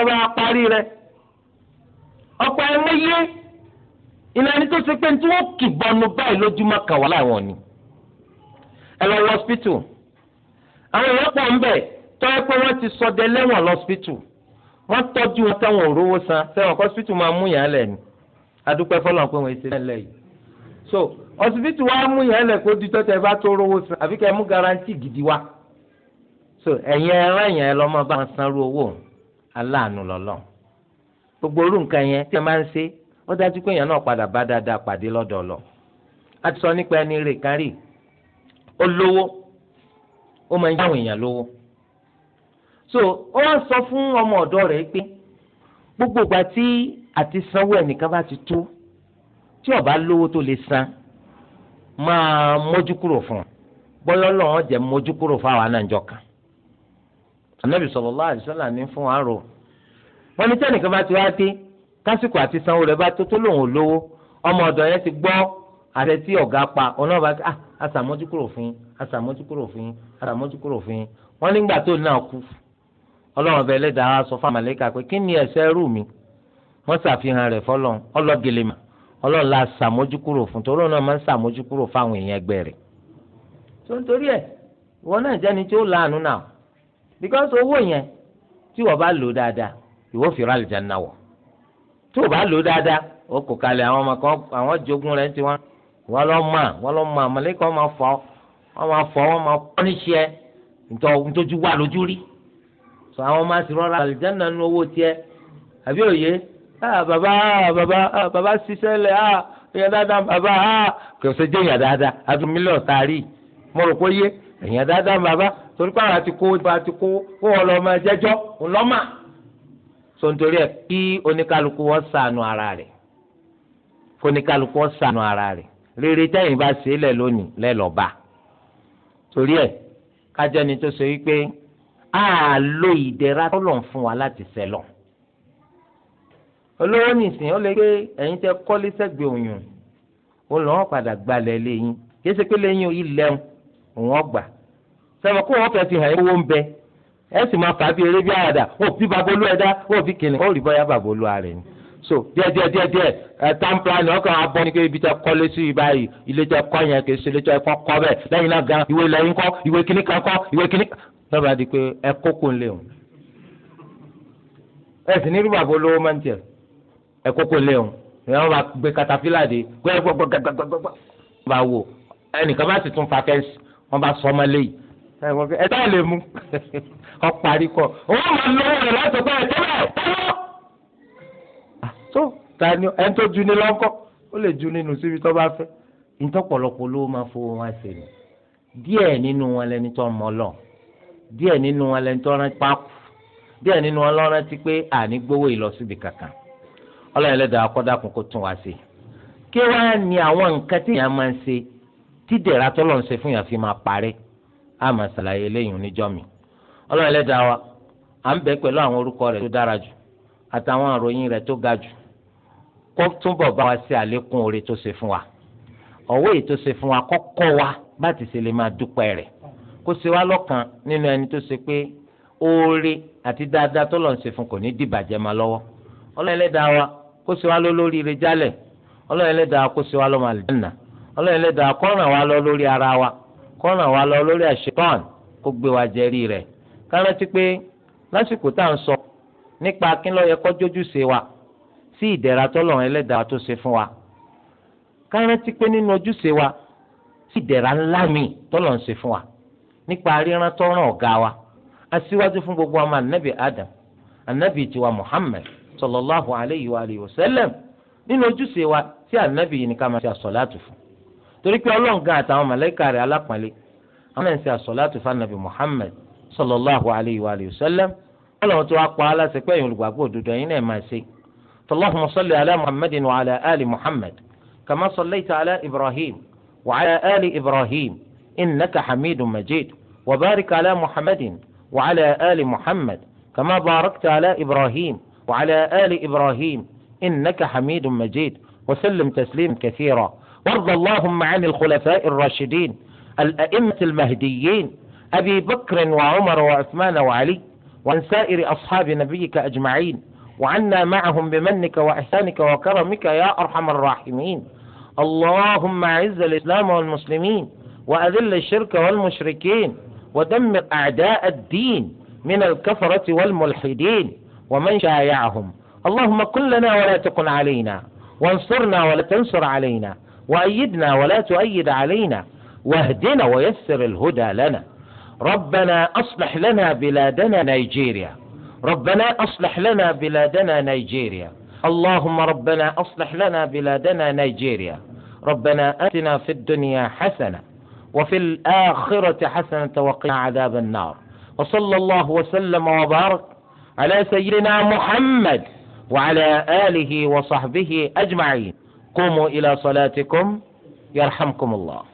bẹ́ẹ̀ ọ̀pọ̀ ẹlẹ́yẹ ìlànà tó ṣe pé tí wọ́n kì bọnu báyìí lójúmọ́ kan wà láwọn ni ẹ lọ lọ́spítù àwọn èèyàn pọ̀ ń bẹ̀ tọ́wọ́ pé wọ́n ti sọdẹ lẹ́wọ̀n lọ́spítù wọ́n tọ́jú wọn táwọn òróró san sẹ́wọ̀n kọ́spítù máa mú yàn án lẹ̀ ni adúpẹ́ fọlọ́n pé wọ́n ṣe lẹ́lẹ́ yìí so ọsibítù wa mú yàn lẹ̀ kó di tọ́tẹ̀ bá tó rówó san àfi kẹ́ mú garanti gidi wa so ẹ̀yin ẹran yẹn lọ́mọ bá wọn sanrú owó aláàánú lọ́lọ́run gbogbo orú nǹkan yẹn tí ẹ máa ń ṣe ó dájú pé èèyàn náà padà bá dáadáa pàdé lọ́dọ̀ lọ a ti sọ nípa ẹni rè kárì ó lówó ó máa ń yáwọn èèyàn lówó so ó wá sọ fún ọmọ ọ̀dọ̀ rẹ̀ pé gbogbo ìgbà tí àti sanwó ẹnìkan bá ti tó tí ó bá lówó tó lè san máa mójú kúrò fún un bọ́yọ́ lọ́wọ́ jẹ́ mójú kúrò fún àwa náà jọ kan anabi sallallahu alaihi wasallam ní fún wa wọ́n ní tẹ́nìkan bá ti wá dé kásìkò àti sanwó rẹ̀ bá tó tó lòun ò lówó ọmọ ọ̀dọ̀ yẹn ti gbọ́ àṣẹ tí ọ̀gá pa ọ̀nà bá ah, a àṣàmójúkúrò fún yín àṣàmójúkúrò fún yín àṣàmójúkúrò fún yín wọ́n nígbà tó náà kú ọlọ́run ọbẹ̀ ẹlẹ́dàá wa sọ fún àmàlẹ́kà pé kí ni ẹ̀ṣẹ̀ rú mi wọ́n ṣàfihàn rẹ̀ fọlọ́n ọlọ́gẹlẹ́mà ọlọ́run la ṣàmójúkúrò fún torí náà máa ń ṣàmójúkúrò fáwọn èèyàn ẹgbẹ́ rẹ̀ tó ń torí ẹ̀ ìwọ náà jẹ́ni tí ó láàánú náà because owó yẹn tí wọ́n bá lò dáadáa ìwọ fi ra àlùjáná wọ̀ tó o bá lò dáadáa o kò kalẹ̀ àwọn ọmọ kan àwọn jogún rẹ̀ ń tiwọn wọ́n lọ́ mọ̀ wọ́n lọ́ mọ̀ àmọ́lẹ́kọ̀ máa fọ́ wọ́n máa fọ́ wọ́n máa pọ́ níṣẹ́ ntọ́jú wà lójú rí sọ àwọn ọmọ àti rọra àlùjáná nu owó tiẹ̀ àbí òye bàbá bàbá bàbá ṣiṣẹ́ lẹ̀ ẹ̀yàn dáadáa bàbá kò ṣe jẹ́ ẹ̀yàn dáadáa àti mílíọ̀nù tààrí mo rò pé yé ẹ̀yàn dáadáa bàbá torí pé àwọn àti kó àti kó kó wọn lọ máa jẹ́jọ́ ńlọ́mà so nítorí ẹ kí oníkálukú wọn sànù ara rẹ̀ kó oníkálukú wọn sànù ara rẹ̀ rere tẹ̀yìn bá ṣe é lẹ̀ lónìí lẹ́lọ́ba torí ẹ kájẹni tó ṣe wípé a lo ìdẹ̀ra tọ́lọ̀ fún wa láti sẹ́lọ̀ olówó nìsín ó lè gbé ẹ̀yin tẹ kọ́lé sẹ́gbẹ̀ẹ́ òyìn ó lọ́wọ́ padà gbalẹ̀ lẹ́yìn kí ẹ ṣe pé lẹ́yìn ilẹ̀ òun ọgbà sẹ́wọ̀n kó wọ́n fẹ́ fi hàn ẹ́ owó ń bẹ ẹ sì máa kà á bí eré bí àwàdà ó fi babolú ẹ dá ó fi kìnìún ó rí bọ́yá babolú ara ẹ̀ ni so díẹ̀díẹ̀díẹ̀ ẹ tánpilani ọkàn abọ́ ni pé ibi tẹ kọ́lé sí ibà yìí ilé tẹ kọ́ yẹn kì í ṣe ilé tẹ kọ́ kọ́ bẹ́ẹ̀ lẹ́yìn náà gan ìwé lẹ́yìn kọ́ ìwé kíní kan kọ́ ìwé kíní lọ́ba di pé ẹ kókó ń lé òun ẹ sì ní rí bàbá olówó máa ń tiẹ̀ ẹ kókó ń lé òun ìyá wọn bá gbé katapila dé gbẹgbẹgbẹgbẹgbẹgbẹ wọn bá wò ẹnìkan bá sì ẹ̀wọ̀n kẹ ẹ̀dá lè mú ọ̀parí kọ òun máa ń lọ́wọ́ rẹ̀ láti ọgbà ẹ̀tọ́ rẹ̀ tọ́lọ́. tó tani ẹ̀ tó ju ní lọ́kọ́ ó lè ju nínú síbi tó bá fẹ́ ìtọ́pọ̀lọpọ̀ ló máa fowó wọn ṣe ni díẹ̀ nínú wọn lẹni tó mọ lọ díẹ̀ nínú wọn lẹni tó rántí pákó díẹ̀ nínú wọn lọ rántí pé àní gbowó ìlọsíbi kankan ọlọ́run ẹlẹ́dàá akọ́dàkùn kó tún wá sí i kí wàá ní àwọn nǹkan tí èèyàn máa ń ṣe tí dẹ̀ra tọ́lọ̀ ń ṣe fún yàn fi máa parẹ́ àmà ṣàlàyé lẹ́yìn oníjọ́ mi ọlọ́run ẹlẹ́dàá wa à ń bẹ pẹ̀lú àwọn orúkọ rẹ̀ tó dára jù àtàwọn àròyìn rẹ̀ tó ga jù kó túbọ̀ bá wa ṣe àlékún oore tó ṣe fún wa ọ̀wọ́ èyí fún wa kọ́kọ́ wa bá ti ṣe lè máa dúpẹ́ rẹ̀ kó ṣe wá oore àti dáadáa tó lọ́n ṣe fún kò ní lọ́wọ́ ọlọ́run ẹlẹ́dàá wa kó ṣe wá lọ lórí kó ràn wá lọ lórí àṣetán kó gbé wa jẹrí rẹ̀ ká rántí pé lásìkò tá à ń sọ nípa akínlọ́yẹ kọjójú ṣe wa sí ìdẹ̀ra tọ́lọ́run ẹlẹ́dàá tó ṣe fún wa ká rántí pé nínú ojúṣe wa sí ìdẹ̀ra ńlá mi tọ́lọ́run ṣe fún wa nípa ríran tọ́ràn ọ̀gá wa aṣíwájú fún gbogbo ọmọ anabi adam anabi tiwa muhammed sallallahu alayhi wa alihi wa sallam nínú ojúṣe wa sí anabi yìí ni ká máa ṣe àsọ̀láàtù fún torí pé ọlọ́run gan àtàwọn mọ̀lẹ́kà rẹ̀ alápọ̀nlé àwọn ẹ̀sìn àsọ̀láàtù fanabi muhammed sallallahu alayhi wa sallam ọlọ́run tó wá pa aláṣẹ pé ẹ̀yin olùgbàgbọ́ òdodo yìí náà máa ṣe tọ́lọ́hùn sọ́lẹ̀ alẹ́ muhammed wa alẹ́ ali muhammed kàmá sọ́lẹ́tà alẹ́ ibrahim wa alẹ́ ali ibrahim innaka hamidu majid wa barik alẹ́ muhammed wa alẹ́ ali muhammed kàmá barakta alẹ́ ibrahim wa alẹ́ ali ibrahim innaka hamidu majid wa sallim taslim kathira. وارض اللهم عن الخلفاء الراشدين الأئمة المهديين أبي بكر وعمر وعثمان وعلي وعن سائر أصحاب نبيك أجمعين وعنا معهم بمنك وإحسانك وكرمك يا أرحم الراحمين اللهم أعز الإسلام والمسلمين وأذل الشرك والمشركين ودمر أعداء الدين من الكفرة والملحدين ومن شايعهم اللهم كن لنا ولا تكن علينا وانصرنا ولا تنصر علينا وأيدنا ولا تؤيد علينا واهدنا ويسر الهدى لنا ربنا أصلح لنا بلادنا نيجيريا ربنا أصلح لنا بلادنا نيجيريا اللهم ربنا أصلح لنا بلادنا نيجيريا ربنا آتنا في الدنيا حسنة وفي الآخرة حسنة وقنا عذاب النار وصلى الله وسلم وبارك على سيدنا محمد وعلى آله وصحبه أجمعين قوموا إلى صلاتكم يرحمكم الله